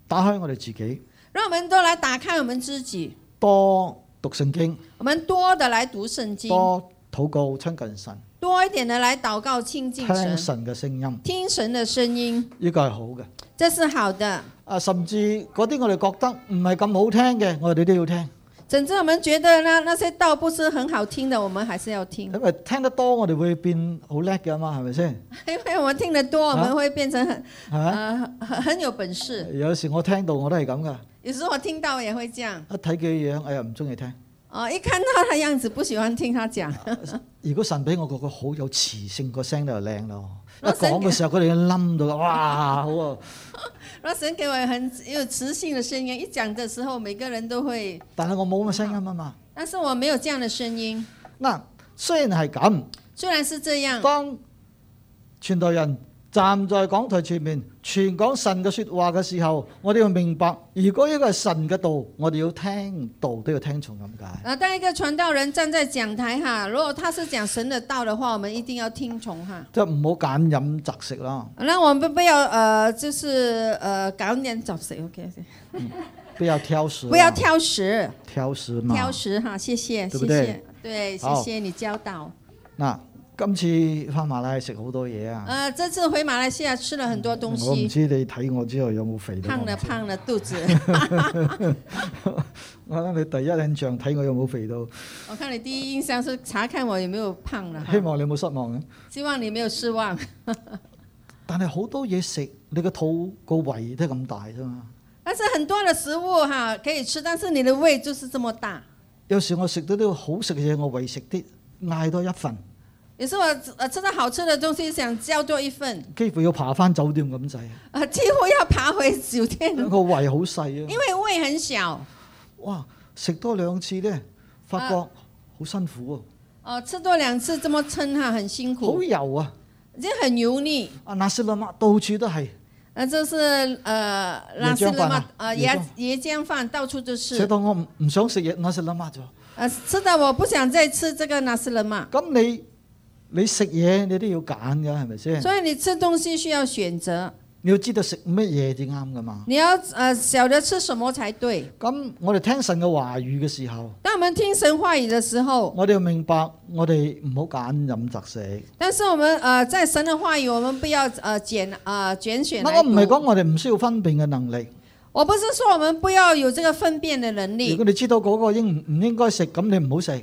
打開我哋自己。讓我們都來打開我們自己，多讀聖經。我們多的來讀聖經，多禱告親近神，多一點的來禱告親近神。聽神嘅聲音，聽神的聲音，呢個係好嘅，這是好的。啊，甚至嗰啲我哋覺得唔係咁好聽嘅，我哋都要聽。總之，我們覺得那那些道不是很好聽的，我們還是要聽。因為聽得多，我哋會變好叻嘅嘛，係咪先？因為我們聽得多，我們會變成很，係、啊呃、很有本事。有時我聽到我都係咁噶。有時我聽到也會這樣。一睇佢樣，我又唔中意聽。哦、oh，一看到他樣子，不喜歡聽他講。 如果神俾我個個好有磁性個聲就，就靚咯，一講嘅時候佢哋要冧到啦，哇，好啊，若 神給我很有磁性的聲音，一講嘅時候，每個人都會。但係我冇咁嘅聲音啊嘛。但是我沒有這樣嘅聲音。嗱，雖然係咁，雖然是這樣。當傳道人，站在講台前面，全講神嘅說話嘅時候，我哋要明白，如果一個係神嘅道，我哋要聽道都要聽從咁解。啊，當一個傳道人站在講台吓，如果他是講神嘅道嘅話，我們一定要聽從吓。即係唔好揀飲擇食咯。嗱、啊，那我們不要呃就是呃揀飲擇食，OK？、嗯、不要挑食。不要挑食。挑食嘛？挑食哈，謝、啊、謝，謝謝，對,對,對，謝謝你教導。那、啊。今次翻馬來食好多嘢啊！誒、呃，這次回馬來西亞吃了很多東西。我唔、嗯、知你睇我之後有冇肥到。胖了，胖了，肚子。 我睇你第一印象睇我有冇肥到。我看你第一印象是查看我有冇胖啦。希望你冇失望啊，希望你沒有失望。 但係好多嘢食，你個肚個胃都咁大啫嘛。但是很多嘅食物吓，可以吃，但是你嘅胃就是這麼大。有時我食到啲好食嘅嘢，我胃食啲嗌多一份。有時我吃到好吃嘅東西，想叫多一份，幾乎要爬翻酒店咁滯啊！誒幾乎要爬回酒店。個胃好細啊！因為胃很小。哇！食多兩次呢，發覺好辛苦啊。哦、呃呃，吃多兩次，這麼撐嚇，很辛苦。好油啊！已經很油膩。啊、呃，Nasi Lemak，到處都係。啊，就是誒 Nasi Lemak，啊，椰椰漿飯，到處都是。食到我唔唔想食嘢，Nasi Lemak 就。啊，吃到我不，吃了、呃、吃我不想再吃這個 Nasi Lemak。咁你？你食嘢你都要揀噶係咪先？所以你吃東西需要選擇。你要知道食乜嘢至啱噶嘛？你要誒、呃，曉得吃什麼才對。咁我哋聽神嘅話語嘅時候，當我們聽神話語嘅時、時候，我哋要明白我哋唔好揀飲擇食。但是我們誒、呃，在神嘅話語，我哋不要誒揀誒揀選。我唔係講我哋唔需要分辨嘅能力。我不是說我哋不要有這個分辨嘅能力。如果你知道嗰個應唔應該食，咁你唔好食。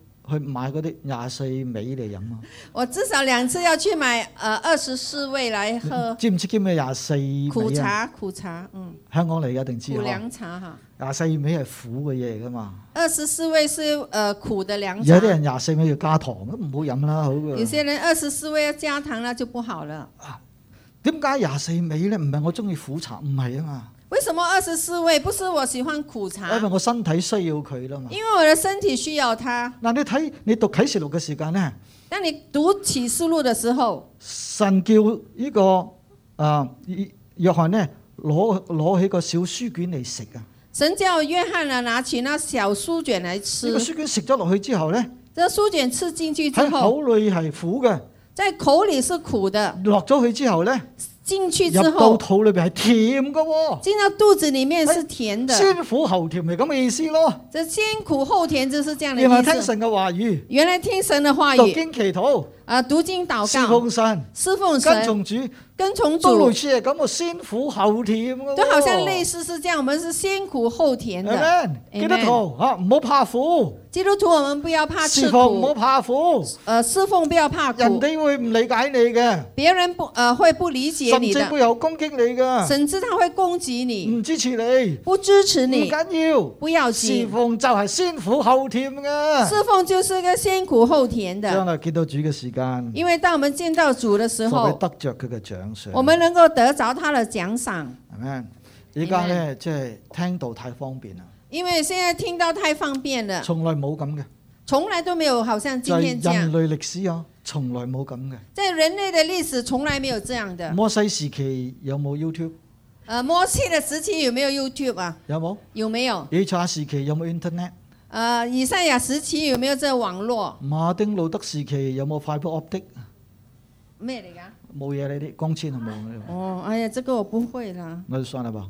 去買嗰啲廿四味嚟飲啊！我至少兩次要去買，誒，二十四味嚟喝。知唔知叫咩廿四？苦茶，苦茶，嗯。香港嚟嘅一定知。苦涼茶嚇。廿四味係苦嘅嘢嚟噶嘛？二十四味是誒、呃、苦的涼茶。有啲人廿四味要加糖，都唔好飲啦，好過。有些人二十四味要加糖啦，就不好啦。點解廿四味咧？唔係我中意苦茶，唔係啊嘛。為什麼二十四位不是我喜歡苦茶，因為我身體需要佢啦嘛。因為我的身體需要他。嗱，你睇你讀啟示錄嘅時間咧，當你讀啟示錄嘅時候，神叫呢、這個啊、呃、約翰呢攞攞起個小書卷嚟食啊！神叫約翰啊，拿起那小書卷嚟食。吃。這個、書卷食咗落去之後咧，呢？這個、書卷吃進去之後，口裏係苦嘅，即係口裏是苦嘅，落咗去之後咧。進去之後，到肚裏邊係甜嘅喎。進到肚子裏面是甜的，先苦後甜係咁嘅意思咯。即係先苦後甜就是這樣嘅意思。原來聽神嘅話語，原來聽神嘅話語。讀經祈禱，啊讀經禱告，侍奉神，侍奉神，跟從主，跟從主。咁先苦後甜的都好像類似是這樣，我們是先苦後甜嘅。記得啊，唔好怕苦。基督徒，我們不要怕吃苦。侍奉，唔好怕苦。誒、呃，侍奉不要怕苦。人哋會唔理解你嘅。別人不，誒、呃，會不理解你。甚至背後攻擊你嘅，甚至他會攻擊你。唔支持你。不支持你。唔緊要。不要緊。侍奉就係先苦後甜嘅。侍奉就是個先苦後甜嘅。將來見到主嘅時間，因為當我們見到主嘅時候，得着佢嘅獎賞。我們能夠得着他的獎賞。係咩？依家咧，即係聽道太方便啦。因為現在聽到太方便了，從來冇咁嘅，從來都沒有，好像今天、就是、人類歷史啊，從來冇咁嘅，即係人類嘅歷史從來沒有這樣的。 摩西時期有冇 YouTube？誒、啊，摩西嘅時期有沒有 YouTube 啊？有冇？有沒有？耶和時期有冇 Internet？誒、啊，以賽亞時期有沒有這個網絡？馬丁路德時期有冇 Fiber Optic 的？咩嚟噶？冇嘢嚟啲，光纖係冇。哦，哎呀，這個我不會啦，那就算了吧，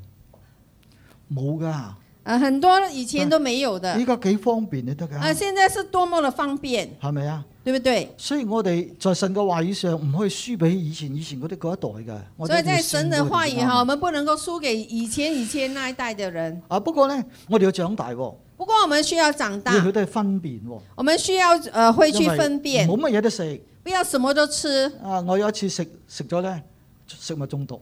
冇噶。啊，很多以前都沒有的。而家幾方便你得噶。啊，現在是多麼的方便。係咪啊？對不對？所以我哋在神嘅話語上唔可以輸俾以前以前嗰啲嗰一代嘅。所以，在神嘅話語下，啊、我們不能夠輸給以前以前那一代嘅人。啊，不過咧，我哋要長大喎、哦。不過我們需要長大。要佢哋分辨喎、哦。我們需要，誒、呃，會去分辨。冇乜嘢都食。不要什麼都吃。啊，我有一次食食咗咧，食物中毒。.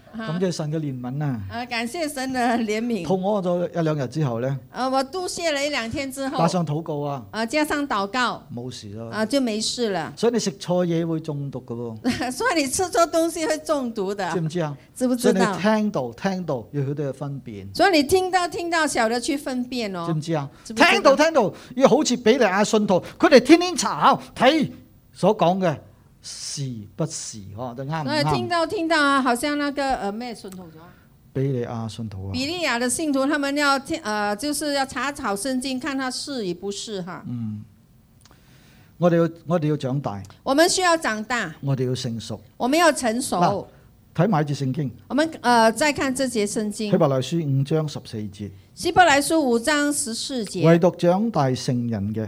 咁即係神嘅憐憫啊！啊，感謝神嘅憐憫。同我咗一兩日之後咧？啊、呃，我肚瀉了一兩天之後。加上禱告啊！啊、呃，加上禱告。冇事咯。啊，就沒事了。所以你食錯嘢會中毒噶噃。 所以你吃錯東西會中毒的。知唔知啊？知不知道？聽到聽到要佢哋去分辨。所以你聽到聽到曉得去分辨哦。知唔知啊？聽到聽到要好似比利亞信徒，佢哋天天查考，睇所講嘅。是不是嗬，就啱唔啱？誒，聽到聽到啊，好像那個誒咩信徒啊，比利亞信徒啊，比利亞的信徒，他們要聽呃，就是要查考聖經，看他是也不是哈。嗯，我哋要我哋要長大，我們需要長大，我哋要成熟，我們要成熟。睇埋一節聖經，我們呃，再看這節聖經，希伯來書五章十四節，希伯來書五章十四節，唯獨長大成人嘅。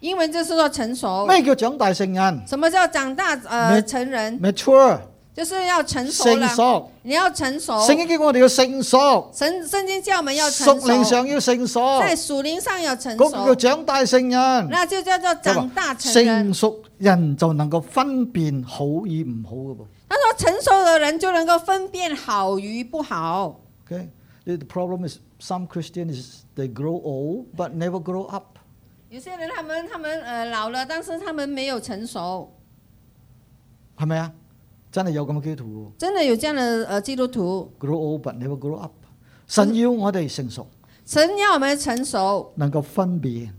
英文就是說成熟。咩叫長大成人？什麼叫長大？誒，成人。成熟。就是要成熟啦。你要成熟。聖經叫我哋要成熟。神聖經叫我們要成熟。屬靈上要成熟。在屬靈上有成熟。嗰、這個、叫，叫長大成人。那就叫做長大成熟。成熟人就能夠分辨好與唔好嘅噃。他說成熟嘅人就能夠分辨好與不好。嘅、okay，the problem is some Christians is they grow old but never grow up。有些人，他們他們、呃、老了，但是他們沒有成熟，係咪啊？真係有咁嘅基督徒？真的有這樣的誒基督徒？grow old but never grow up。神要我哋成熟，神要我們成熟，能夠分辨，誒、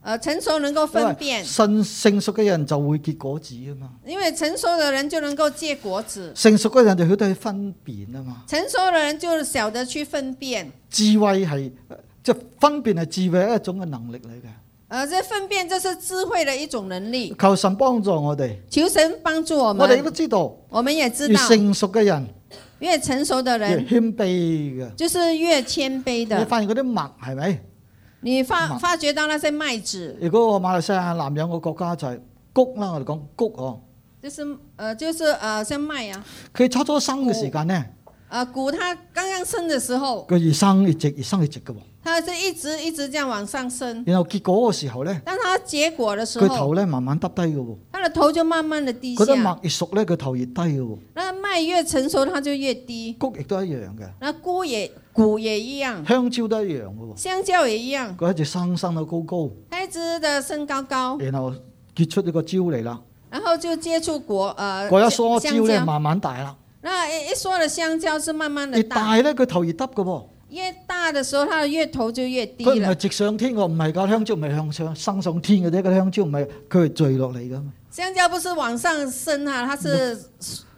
呃、成熟能夠分辨。神成熟嘅人就會結果子啊嘛。因為成熟嘅人就能夠結果子，成熟嘅人就曉得去分辨啊嘛。成熟嘅人就曉得去分辨。智慧係即係分辨係智慧一種嘅能力嚟嘅。而、呃、這分辨，就是智慧的一種能力。求神幫助我哋。求神幫助我們。我哋都知道。我們也知道。越成熟嘅人，越成熟嘅人。越謙卑嘅。就是越謙卑嘅。你發現嗰啲麥係咪？你發發覺到那些麥子？麥如果馬來西亞、南洋嘅國家就係穀啦，我哋講穀哦。就是，呃，就是，呃，像麥啊。佢初初生嘅時間呢？啊、呃，穀，它剛剛生嘅時候。佢越生越直，越生越直嘅它就一直一直這樣往上升。然後結果個時候呢，當它結果的時候，佢頭呢慢慢耷低嘅，它的頭就慢慢的低下。嗰啲麥越熟呢，個頭越低嘅。那麥越成熟，它就越低。谷亦都一樣嘅，那谷也谷也一樣。香蕉都一樣嘅，香蕉也一樣。佢一,一直生生到高高，一直的升高高。然後結出一個蕉嚟啦，然後就接觸果，果一梳蕉呢，蕉慢慢大啦。那一一梳的香蕉是慢慢的大呢，個頭越耷嘅。越大的時候，它的越頭就越低。佢唔係直上天嘅，唔係噶，香蕉唔係向上伸上天嘅，啲個香蕉唔係，佢係墜落嚟嘅。香蕉不是往上升啊，它是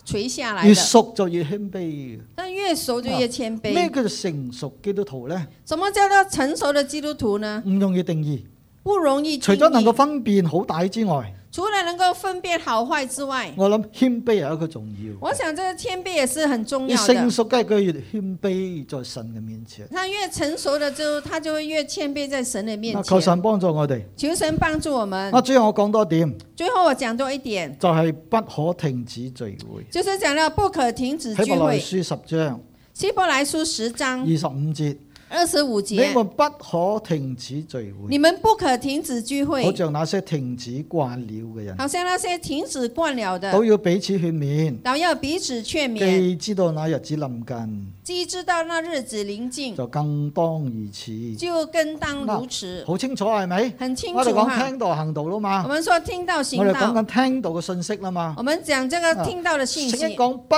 垂下來。越熟就越謙卑。但越熟就越謙卑。咩、啊、叫做成熟基督徒咧？什麼叫做成熟的基督徒呢？唔容易定義。不容易。除咗能夠分辨好歹之外。除了能夠分辨好壞之外，我諗謙卑有一個重要。我想這個謙卑也是很重要。成熟，佢佢越謙卑，在神嘅面前。他越成熟嘅就，他就會越謙卑在神嘅面前。求神幫助我哋，求神幫助我們。那最後我講多點，最後我講多一點，就係不可停止聚會。就是講到不可停止聚會。希伯來書十章，希伯來書十章二十五節。二十五節，你們不可停止聚會。你們不可停止聚會。好像那些停止慣了的人。好像那些停止慣了的。都要彼此勸勉。都要彼此勸勉。既知道那日子臨近。既知道那日子臨近，就更當如此，就更當如此，好清楚係咪？很清楚是是，我哋講聽道行道啦嘛。我們說聽道行道，我哋講緊聽道嘅信息啦嘛。我們講這個聽道嘅信息。聖、啊、經講不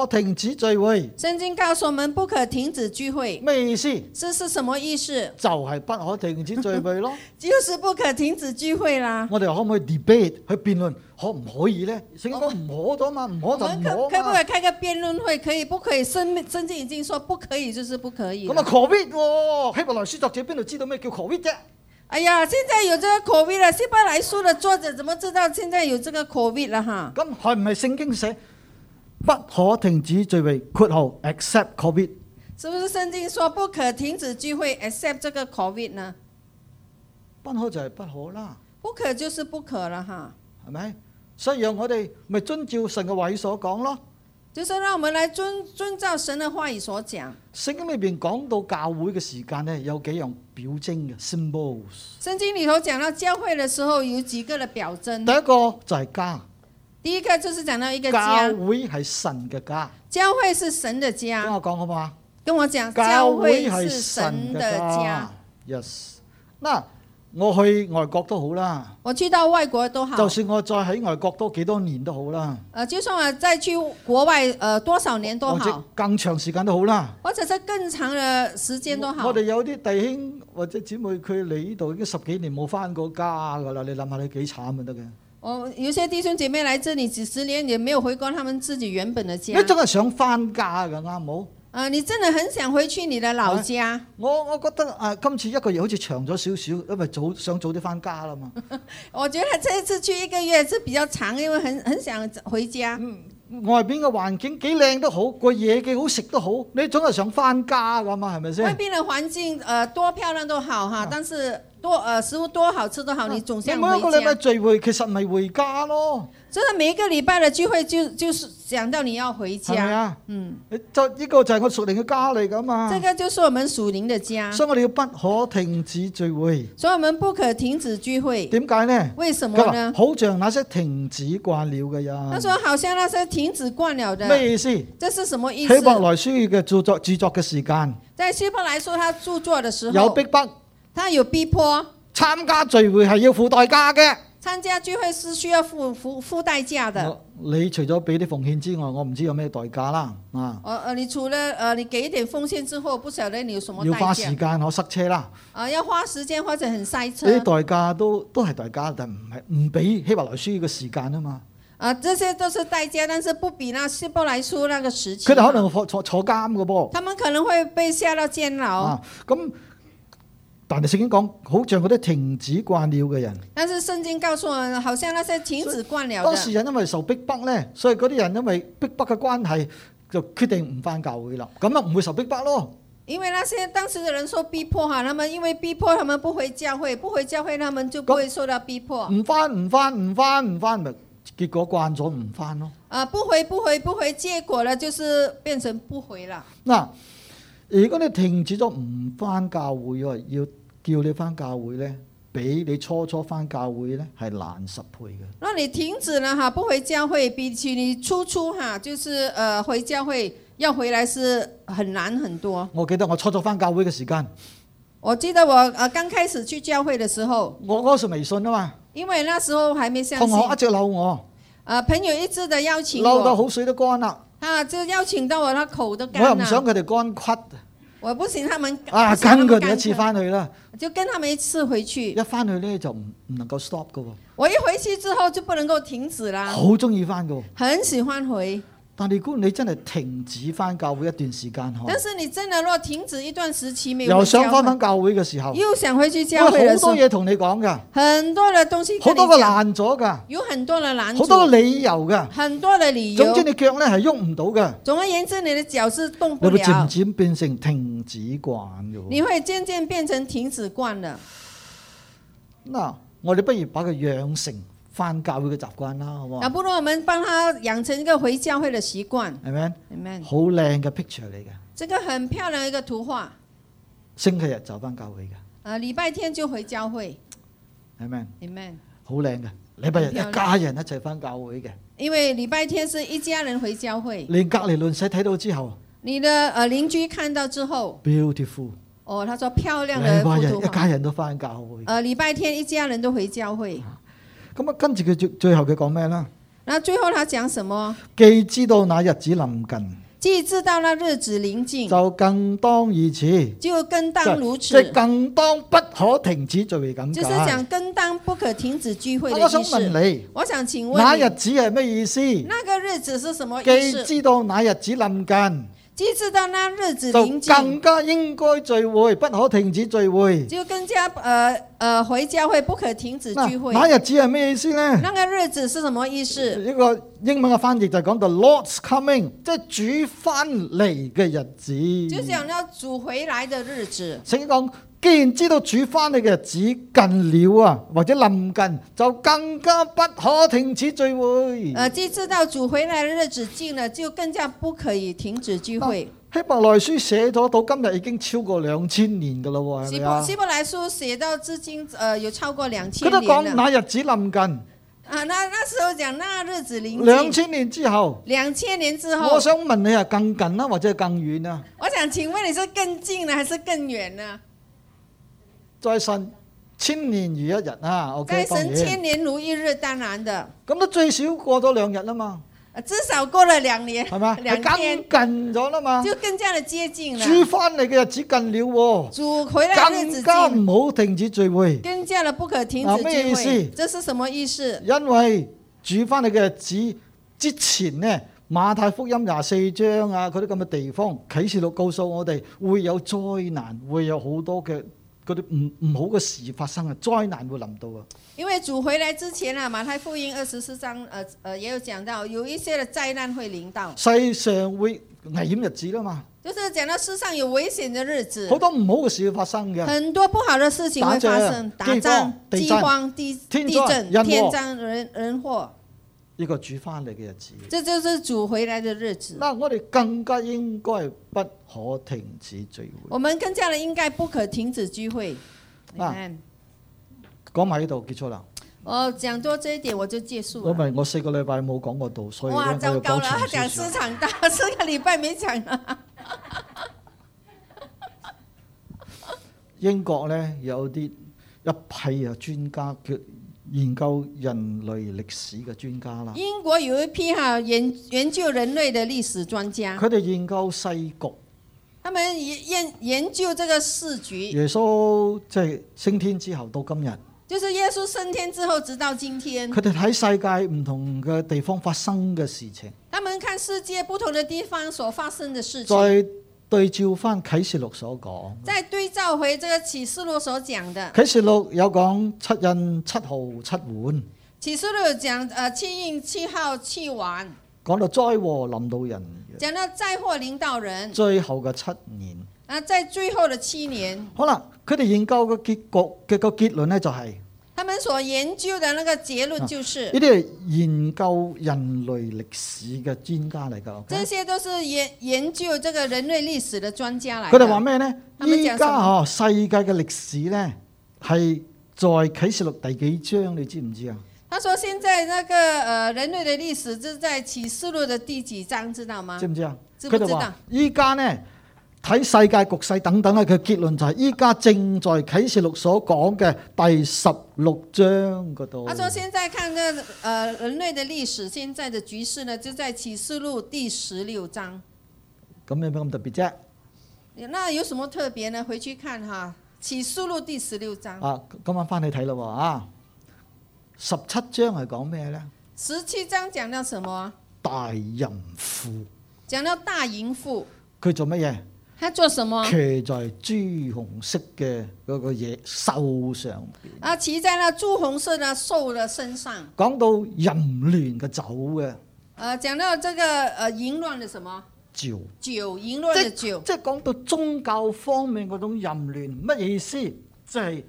可停止聚會，聖經告訴我們不可停止聚會。咩意思？這是什麼意思？就係、是、不可停止聚會咯， 就是不可停止聚會啦。我哋可唔可以 debate 去辯論？可唔可以咧？聖經唔可咗嘛，唔可就唔可嘛。可可不可、哦、不摸摸可，可，不可開個辯論會？可以不可以？聖聖經已經說不可以，就是不可以。咁啊，COVID 喎、哦，希伯來書作者邊度知道咩叫 COVID 啫？哎呀，現在有這個 COVID 啦，希伯來書的作者怎麼知道現在有這個 COVID 啦？哈！咁係唔係聖經寫不可停止聚會？括號 except COVID。是不是聖經說不可停止聚會？except 這個 COVID 呢？不可就係不可啦。不可就是不可啦，哈。係咪？所以我哋咪遵照神嘅話語所講咯。就是讓我們來遵遵照神嘅話語所講。聖經裏邊講到教會嘅時間呢，有幾樣表徵嘅。symbols。聖經裏頭講到教會嘅時候，有幾個嘅表徵。第一個就係家。第一個就是講到一個教會係神嘅家。教會是神嘅家。跟我講好唔好啊？跟我講，教會係神嘅家、家。Yes，嗱。我去外國都好啦，我知道外國都好，就算我再喺外國多幾多年都好啦。誒、呃，就算我再去國外誒、呃、多少年都好，或者更長時間都好啦。或者係更長嘅時間都好。我哋有啲弟兄或者姊妹佢嚟呢度已經十幾年冇翻過家㗎啦，你諗下你幾慘咪得嘅。我、哦、有些弟兄姐妹嚟這裡幾十年，亦沒有回過佢哋自己原本的家。你真係想翻家㗎啱冇？啊、呃，你真的很想回去你的老家。啊、我我覺得啊，今次一個月好似長咗少少，因為早想早啲翻家啦嘛。 我覺得這次去一個月是比較長，因為很很想回家。嗯，外邊嘅環境幾靚都好，個嘢幾好食都好，你總係想翻家㗎嘛，係咪先？外邊嘅環境，誒、呃，多漂亮都好哈、啊，但是多誒、呃、食物多好吃都好，啊、你總想回家。啊、你每一個禮拜聚會，其實咪回家咯。真係每一個禮拜的聚會就就是想到你要回家。啊、嗯，就呢、這個就係我屬靈嘅家嚟㗎嘛。這個就是我們屬靈的家。所以我哋要不可停止聚會。所以我們不可停止聚會。點解呢？為什麼呢？好像那些停止慣了嘅人。他說好像那些停止慣了的。咩意思？這是什麼意思？希伯來書嘅著作著作嘅時間。在希伯來書，他著作的時候有逼迫，他有逼迫。參加聚會係要付代價嘅。參加聚會是需要付付付代價的。你除咗俾啲奉獻之外，我唔知有咩代價啦。啊！我，你除咗，誒、啊，你給一點奉獻之後，不曉得你有什麼代價？要花時間，我塞車啦。啊，要花時間或者很塞車。啲代價都都係代價，但唔係唔俾希伯來書嘅時間啊嘛。啊，這些都是代價，但是不比那希伯來書那個時期。佢哋可能坐坐監噃。他們可能會被下到監牢。咁、啊。但你聖經講，好像嗰啲停止慣了嘅人。但是聖經告訴我，好像那些停止慣了嘅人慣了。當時人因為受逼迫咧，所以嗰啲人因為逼迫嘅關係，就決定唔返教會啦。咁啊，唔會受逼迫咯。因為那些當時嘅人受逼迫嚇，他們因為逼迫，他們不回教會，不回教會，他們就不會受到逼迫。唔返唔返唔返唔返咪，結果慣咗唔返咯。啊，不回不回不回，不回，結果咧就是變成不回啦。嗱、啊啊，如果你停止咗唔返教會啊，要。叫你返教會咧，比你初初返教會咧係難十倍嘅。那你停止啦哈，不回教會，比起你初初哈，就是呃回教會要回來是很難很多。我記得我初初返教會嘅時間，我記得我啊剛開始去教會嘅時候，我嗰時未信啊嘛，因為那時候還未上。同學一直留我，啊朋友一直的邀請我，留到口水都乾啦。啊就邀請到我，那口都乾。我又唔想佢哋乾骨。我不行，他們啊跟過第一次返去啦，就跟他們一次回去。一返去咧就唔唔能夠 stop 噶喎、哦。我一回去之後就不能夠停止啦。好鍾意返噶。很喜歡回。但你估你真係停止翻教會一段時間。但是你真係若停止一段時期，又想翻翻教會嘅時候，又想回去教會，好多嘢同你講嘅，很多嘅東西，好多個爛咗噶，有很多嘅攔，好多理由噶，很多嘅理由。總之，你腳咧係喐唔到嘅。總而言之，你嘅腳是動不了。你會漸漸變成停止慣咗。你會漸漸變成停止慣了。嗱、呃，我哋不如把佢養成。翻教會嘅習慣啦，好唔好啊？不如我們幫他養成一個回教會嘅習慣，係咪？好靚嘅 picture 嚟嘅，這個很漂亮一個圖畫。星期日就翻教會嘅，啊禮拜天就回教會，係咪？好靚嘅。禮拜日，一家人一齊翻教會嘅，因為禮拜天是一家人回教會。你隔籬鄰舍睇到之後，你的誒鄰居看到之後，beautiful。哦，他說漂亮的。一家人一家人都翻教會。誒，禮拜天一家人都回教會。咁啊，跟住佢最最後佢講咩啦？嗱，最後他講什麼？既知道那日子臨近，既知道那日子臨近，就更當如此，就更當如此，即更當不可停止聚會咁解。就是講更當不可停止聚會的意思。我想問你，我想請問，那日子係咩意思？那個日子是什麼意思？既知道那日子臨近。即係知那日子更加應該聚會，不可停止聚會。就更加，呃呃、回家會不可停止聚會。啊、那日子係咩意思呢？那個日子是什麼意思？一、呃這個英文嘅翻譯就講到 Lord’s coming，即係煮翻嚟嘅日子。就講到主回來的日子。請講。既然知道主返嚟嘅日子近了啊，或者臨近，就更加不可停止聚會。誒、呃，即知道主回來嘅日子近了，就更加不可以停止聚會。啊、希伯來書寫咗到，到今日已經超過兩千年噶啦，係咪希，希伯來書寫到至今，誒、呃，有超過兩千年。佢都講那日子臨近。啊，那那時候講那日子臨近。兩千年之後。兩千年之後。我想問你係更近啊，或者更遠啊？我想請問你是更近呢，還是更遠呢？在神，千年如一日啊！OK，在神千年如一日，當然的。咁都最少過咗兩日啦嘛。至少過咗兩年。係嘛？兩年近咗啦嘛。就更加的接近。煮翻嚟嘅日子近了。煮回來日子近。更加唔好停止聚會。更加的不可停止聚會。咩意思？這是什麼意思？因為煮翻嚟嘅日子之前呢，馬太福音廿四章啊，嗰啲咁嘅地方，啟示錄告訴我哋會有災難，會有好多嘅。嗰啲唔唔好嘅事發生啊，災難會臨到啊！因為主回來之前啊，《馬太福音》二十四章，誒誒也有講到，有一些嘅災難會臨到。世上會危險日子啦嘛。就是講到世上有危險嘅日子。好多唔好嘅事會發生嘅。很多不好的事情會發生，打，打仗、飢荒、地地震、天災、人人禍。呢個煮翻嚟嘅日子，即就是煮回來嘅日子。嗱，我哋更加應該不可停止聚會。我們更加咧應該不可停止聚會。嗱，講埋呢度結束啦。我、哦、講多這一點我就結束啦。咁我，我四個禮拜冇講過道，所以咁去講全世界。啦，講市場大，四個禮拜沒講啦。 英國咧有啲一批啊專家叫。研究人類歷史嘅專家啦。英國有一批哈研研究人類嘅歷史專家。佢哋研究世局，他們研研研究這個世局。耶穌即係、就是、升天之後到今日。就是耶穌升天之後，直到今天。佢哋睇世界唔同嘅地方發生嘅事情。他們看世界不同的地方所發生的事情。對照翻啟示錄所講，在對照回這個啟示錄所講的。啟示錄有講七印七號七碗。啟示錄講誒、呃、七印七號七碗。講到災禍臨到人。講到災禍臨到人。最後嘅七年。啊，在最後嘅七年。可能佢哋研究嘅結局嘅個結論咧、就是，就係。他們所研究的那個結論就是，呢啲係研究人類歷史嘅專家嚟噶。Okay? 這些都是研研究這個人類歷史的專家來的。佢哋話咩呢？依家世界嘅歷史咧，係在啟示錄第幾章，你知唔知啊？他說現在那個呃人類的歷史，就在啟示錄的第幾章，知道嗎？知唔知啊？知唔知道？依家呢？睇世界局勢等等啊，佢結論就係依家正在啟示錄所講嘅第十六章嗰度。阿叔，現在看嘅，誒，人類嘅歷史，現在嘅局勢呢，就在啟示錄第十六章。咁有咩咁特別啫？那有什麼特別呢，呢？回去看哈，啟示錄第十六章。啊，今晚翻去睇咯，啊，十七章係講咩咧？十七章講到什麼？大淫婦。講到大淫婦。佢做乜嘢？他做什麼？騎在朱紅色嘅嗰個野獸上邊。啊，騎在那朱紅色的獸的身上。講到淫亂嘅酒嘅。啊、呃，講到這個，呃，淫亂嘅什麼？酒。酒，淫亂嘅酒。即係講到宗教方面嗰種淫亂，乜意思？即係。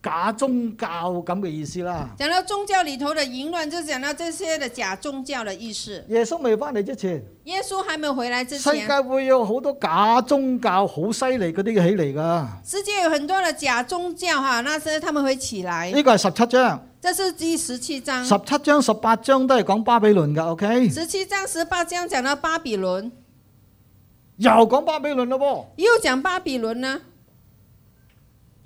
假宗教咁嘅意思啦，講到宗教裏頭嘅淫亂就講到這些嘅假宗教嘅意思。耶穌未翻嚟之前，耶穌還沒有回來之前，世界會有好多假宗教，好犀利嗰啲起嚟噶。世界有很多嘅假宗教，哈，那些他們會起來。呢個係十七章，這是第十七章，十七章、十八章都係講巴比倫嘅，OK。十七章、十八章講到巴比倫，又講巴比倫咯，噃？又講巴比倫啦。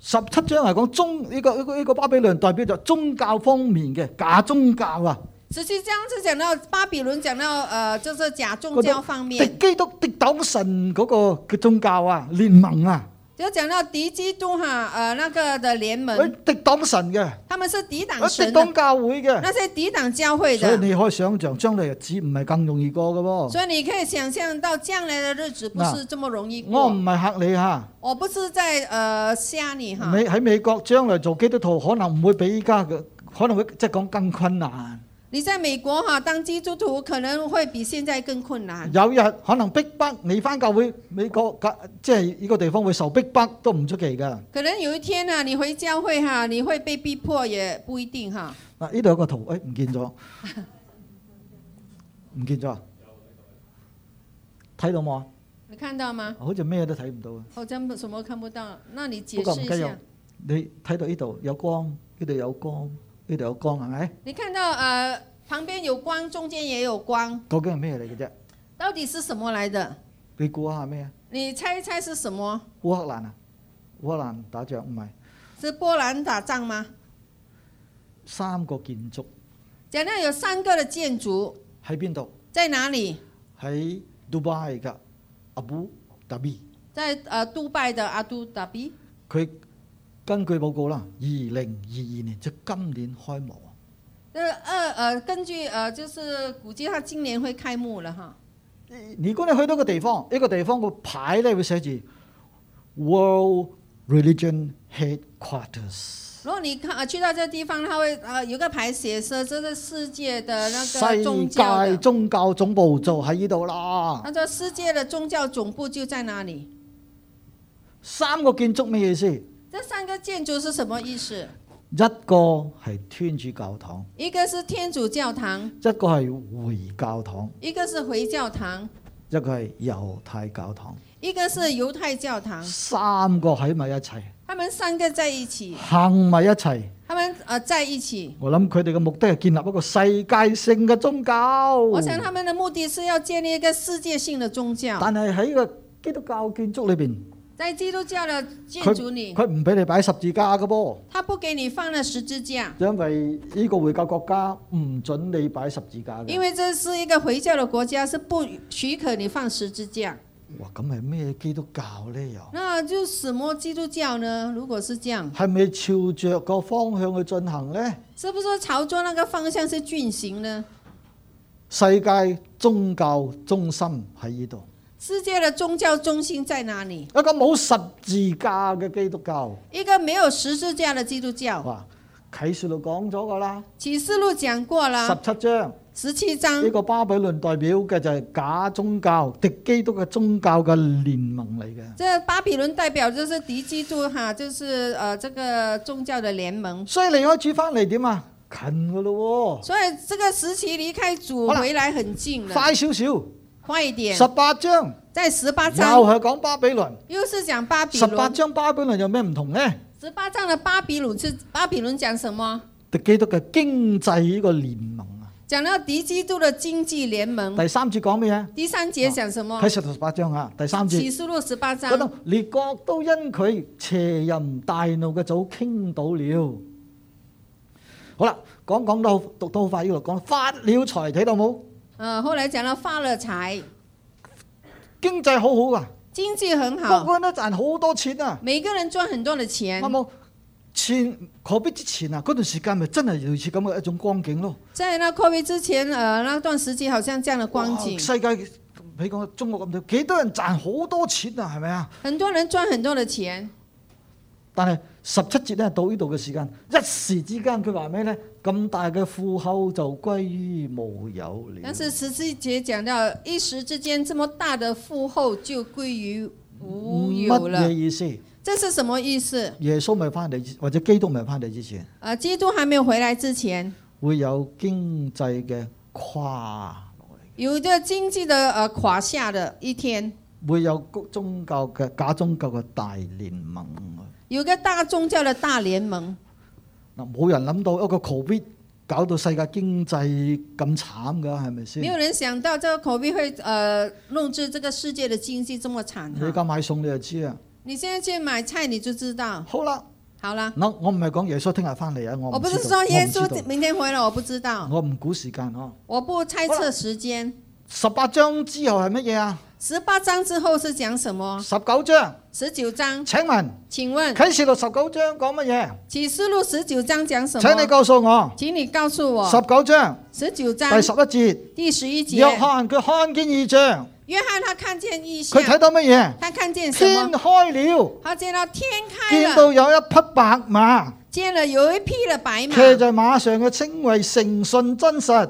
十七章嚟講宗呢個呢個呢個巴比倫代表就宗教方面嘅假宗教啊，十七章就講到巴比倫，講到誒，就是假宗教方面，敵基督、敵擋神嗰個嘅宗教啊，聯盟啊。就講到敵基督哈，誒，那個的聯盟，抵擋神嘅，他們是抵擋神嘅，抵擋教會嘅，那些抵擋教會的，所以你可以想象將來日子唔係更容易過嘅喎，所以你可以想象到將來的日子不是這麼容易過，啊、我唔係吓你吓，我不是在呃吓你哈，美喺美國將來做基督徒可能唔會比依家嘅，可能會即係講更困難。你喺美國哈，當基督徒可能會比現在更困難。有一日可能逼迫你返教會，美國即係呢個地方會受逼迫都唔出奇㗎。可能有一天啊，你回教會哈，你會被逼迫也不一定哈。嗱，呢度有個圖，誒、哎，唔見咗，唔 見咗了，睇 到冇啊？你看到嗎？好似咩都睇唔到啊！好像什麼都看不到、哦、什麼都看不到，那你解釋一下。不不你睇到呢度有光，呢度有光。有光係、啊、咪？你看到誒、呃，旁邊有光，中間也有光。究竟係咩嚟嘅啫？到底是什麼嚟嘅？你估下咩啊？你猜一猜是什麼？烏克蘭啊，烏克蘭打仗唔係？是波蘭打仗嗎？三個建築。假若有三個的建築喺邊度？在哪裡？喺杜拜嘅阿布達比。在誒，杜、呃、拜的阿布達比。佢。根據報告啦，二零二二年即今年開幕。二二誒，根據誒、呃，就是估計他今年會開幕啦，吓。你如果你，你去到個地方，一個地方個牌咧會寫住 World Religion Headquarters。如果你去啊，去到這個地方，佢會有個牌寫說，這是世界的那個宗教。世界宗教總部就喺呢度啦。佢話世界的宗教總部就在哪裡？三個建築咩意思？這三個建築是什麼意思？一個係天主教堂，一個是天主教堂，一個係回教堂，一個是回教堂，一個係猶太教堂，一個是猶太教堂。三個喺埋一齊，他們三個在一起，行埋一齊，他們啊在一起。我諗佢哋嘅目的係建立一個世界性嘅宗教。我想他們的目的是要建立一個世界性的宗教。但係喺個基督教建築裏邊。在基督教的建築裏，佢佢唔俾你擺十字架噶噃。他不給你放了十字架。因為呢個回教國家唔准你擺十字架。因為這是一個回教的國家，是不許可你放十字架。哇，咁係咩基督教呢？又？那就什麼基督教呢？如果是這樣，係咪朝着個方向去進行呢？是不是朝着那個方向去進行呢？世界宗教中心喺呢度。世界的宗教中心在哪裏？一個冇十字架嘅基督教，一個沒有十字架嘅基督教。哇，啟示錄講咗㗎啦，啟示錄講過啦，十七章，十七章，呢個巴比倫代表嘅就係假宗教，敵基督嘅宗教嘅聯盟嚟嘅。即這巴比倫代表就是敵基督，哈，就是誒，這個宗教嘅聯盟。所以離開主翻嚟點啊？近㗎咯喎。所以這個時期離開主回來很近，快少少。快一點！十八章，即係十八章又係講巴比倫，又是講巴比倫。十八章巴比倫有咩唔同呢？十八章嘅巴比倫巴比倫講什麼？敵基督嘅經濟呢個聯盟啊！講到敵基督嘅經濟聯盟。第三節講咩啊？第三節講什麼？喺、啊、十到十八章啊，第三節。啟示錄十八章。列國都因佢邪淫大怒嘅酒傾倒了。好啦，講講到讀得好快，呢度講發了財睇到冇？嗯，後來講到，發了財，經濟好好啊，經濟很好，個個都賺好多錢啊，每個人賺很多的錢。我冇錢，COVID 之前啊，嗰段時間咪真係類似咁嘅一種光景咯。即係呢，COVID 之前，誒，那段時間好像這樣的光景。世界，比如講中國咁多，幾多人賺好多錢啊？係咪啊？很多人賺很多的錢。但係十七節咧到呢度嘅時間，一時之間佢話咩咧？咁大嘅富厚就歸於無，無有了。但是十七節講到一時之間，這麼大嘅富厚就歸於無有了。乜意思？這是什麼意思？耶穌未翻嚟或者基督未翻嚟之前。啊，基督還沒有回來之前，會有經濟嘅垮落。有個經濟嘅呃垮下嘅一天。會有宗教嘅假宗教嘅大聯盟。有個大宗教嘅大聯盟，嗱，冇人諗到一個口 o 搞到世界經濟咁慘噶，係咪先？有人想到這個 c o v 會誒，導致這個世界嘅經濟這麼慘是是。你而家買餸你就知啊！你現在去買菜你就知道。好啦，好啦，嗱、no，我唔係講耶穌聽日翻嚟啊，我我不是說耶穌明天回來，我不知道。我唔估時間哦。我不猜測時間。十八章之後係乜嘢啊？十八章之後是講什麼？十九章。十九章，請問，請問啟示錄十九章講乜嘢？啟示錄十九章講什麼？請你告訴我，請你告訴我。十九章，十九章，第十一節，第十一節。約翰他看見異象。約翰他看見異象，佢睇到乜嘢？他看見什麼？天開了。他見到天開了。了見到有一匹白馬。見了有一匹的白馬。騎在馬上嘅稱為誠信真實。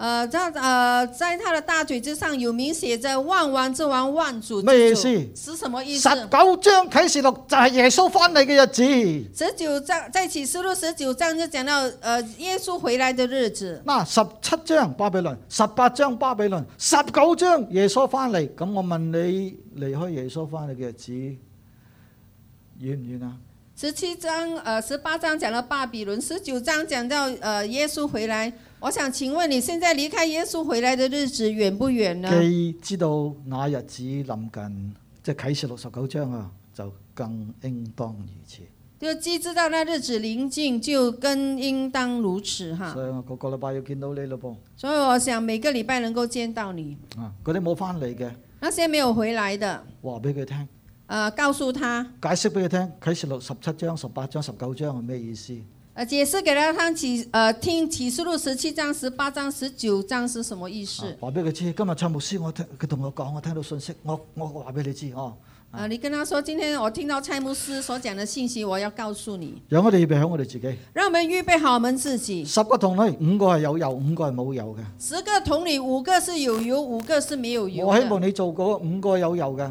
誒，在誒，在他的大嘴之上有名寫，有明寫着萬王之王、萬主之主，咩意思？是什麼意思？十九章啟示錄就係耶穌翻嚟嘅日子。十九章在啟示錄十九章就講到，誒，耶穌回來嘅日子。嗱，十七章巴比倫，十八章巴比倫，十九章耶穌翻嚟。咁我問你，離開耶穌翻嚟嘅日子遠唔遠啊？十七章，誒、呃，十八章講到巴比倫，十九章講到，誒，耶穌回來。嗯我想請問你現在離開耶穌回來的日子遠不遠呢？既知道那日子臨近，即啟示錄十九章啊，就更應當如此。就既知道那日子臨近，就更應當如此哈。所以我個個禮拜要見到你咯噃。所以我想每個禮拜能夠見到你。嗰啲冇翻嚟嘅，那些沒有回來嘅，話俾佢聽，誒、呃，告訴他。解釋俾佢聽，啟示錄十七章、十八章、十九章係咩意思？解釋俾佢聽，啟，呃，聽啟示錄十七章、十八章、十九章是什麼意思？話俾佢知，今日蔡牧師我聽佢同我講，我聽到信息，我我話俾你知哦。啊，你跟他說，今天我聽到蔡牧師所講的信息，我要告訴你。讓我哋預備好我哋自己。讓我們預備好我們自己。十個桶裏五個係有油，五個係冇油嘅。十個桶裏五個是有油，五個是沒有油，有油，沒有油。我希望你做嗰五個有油嘅。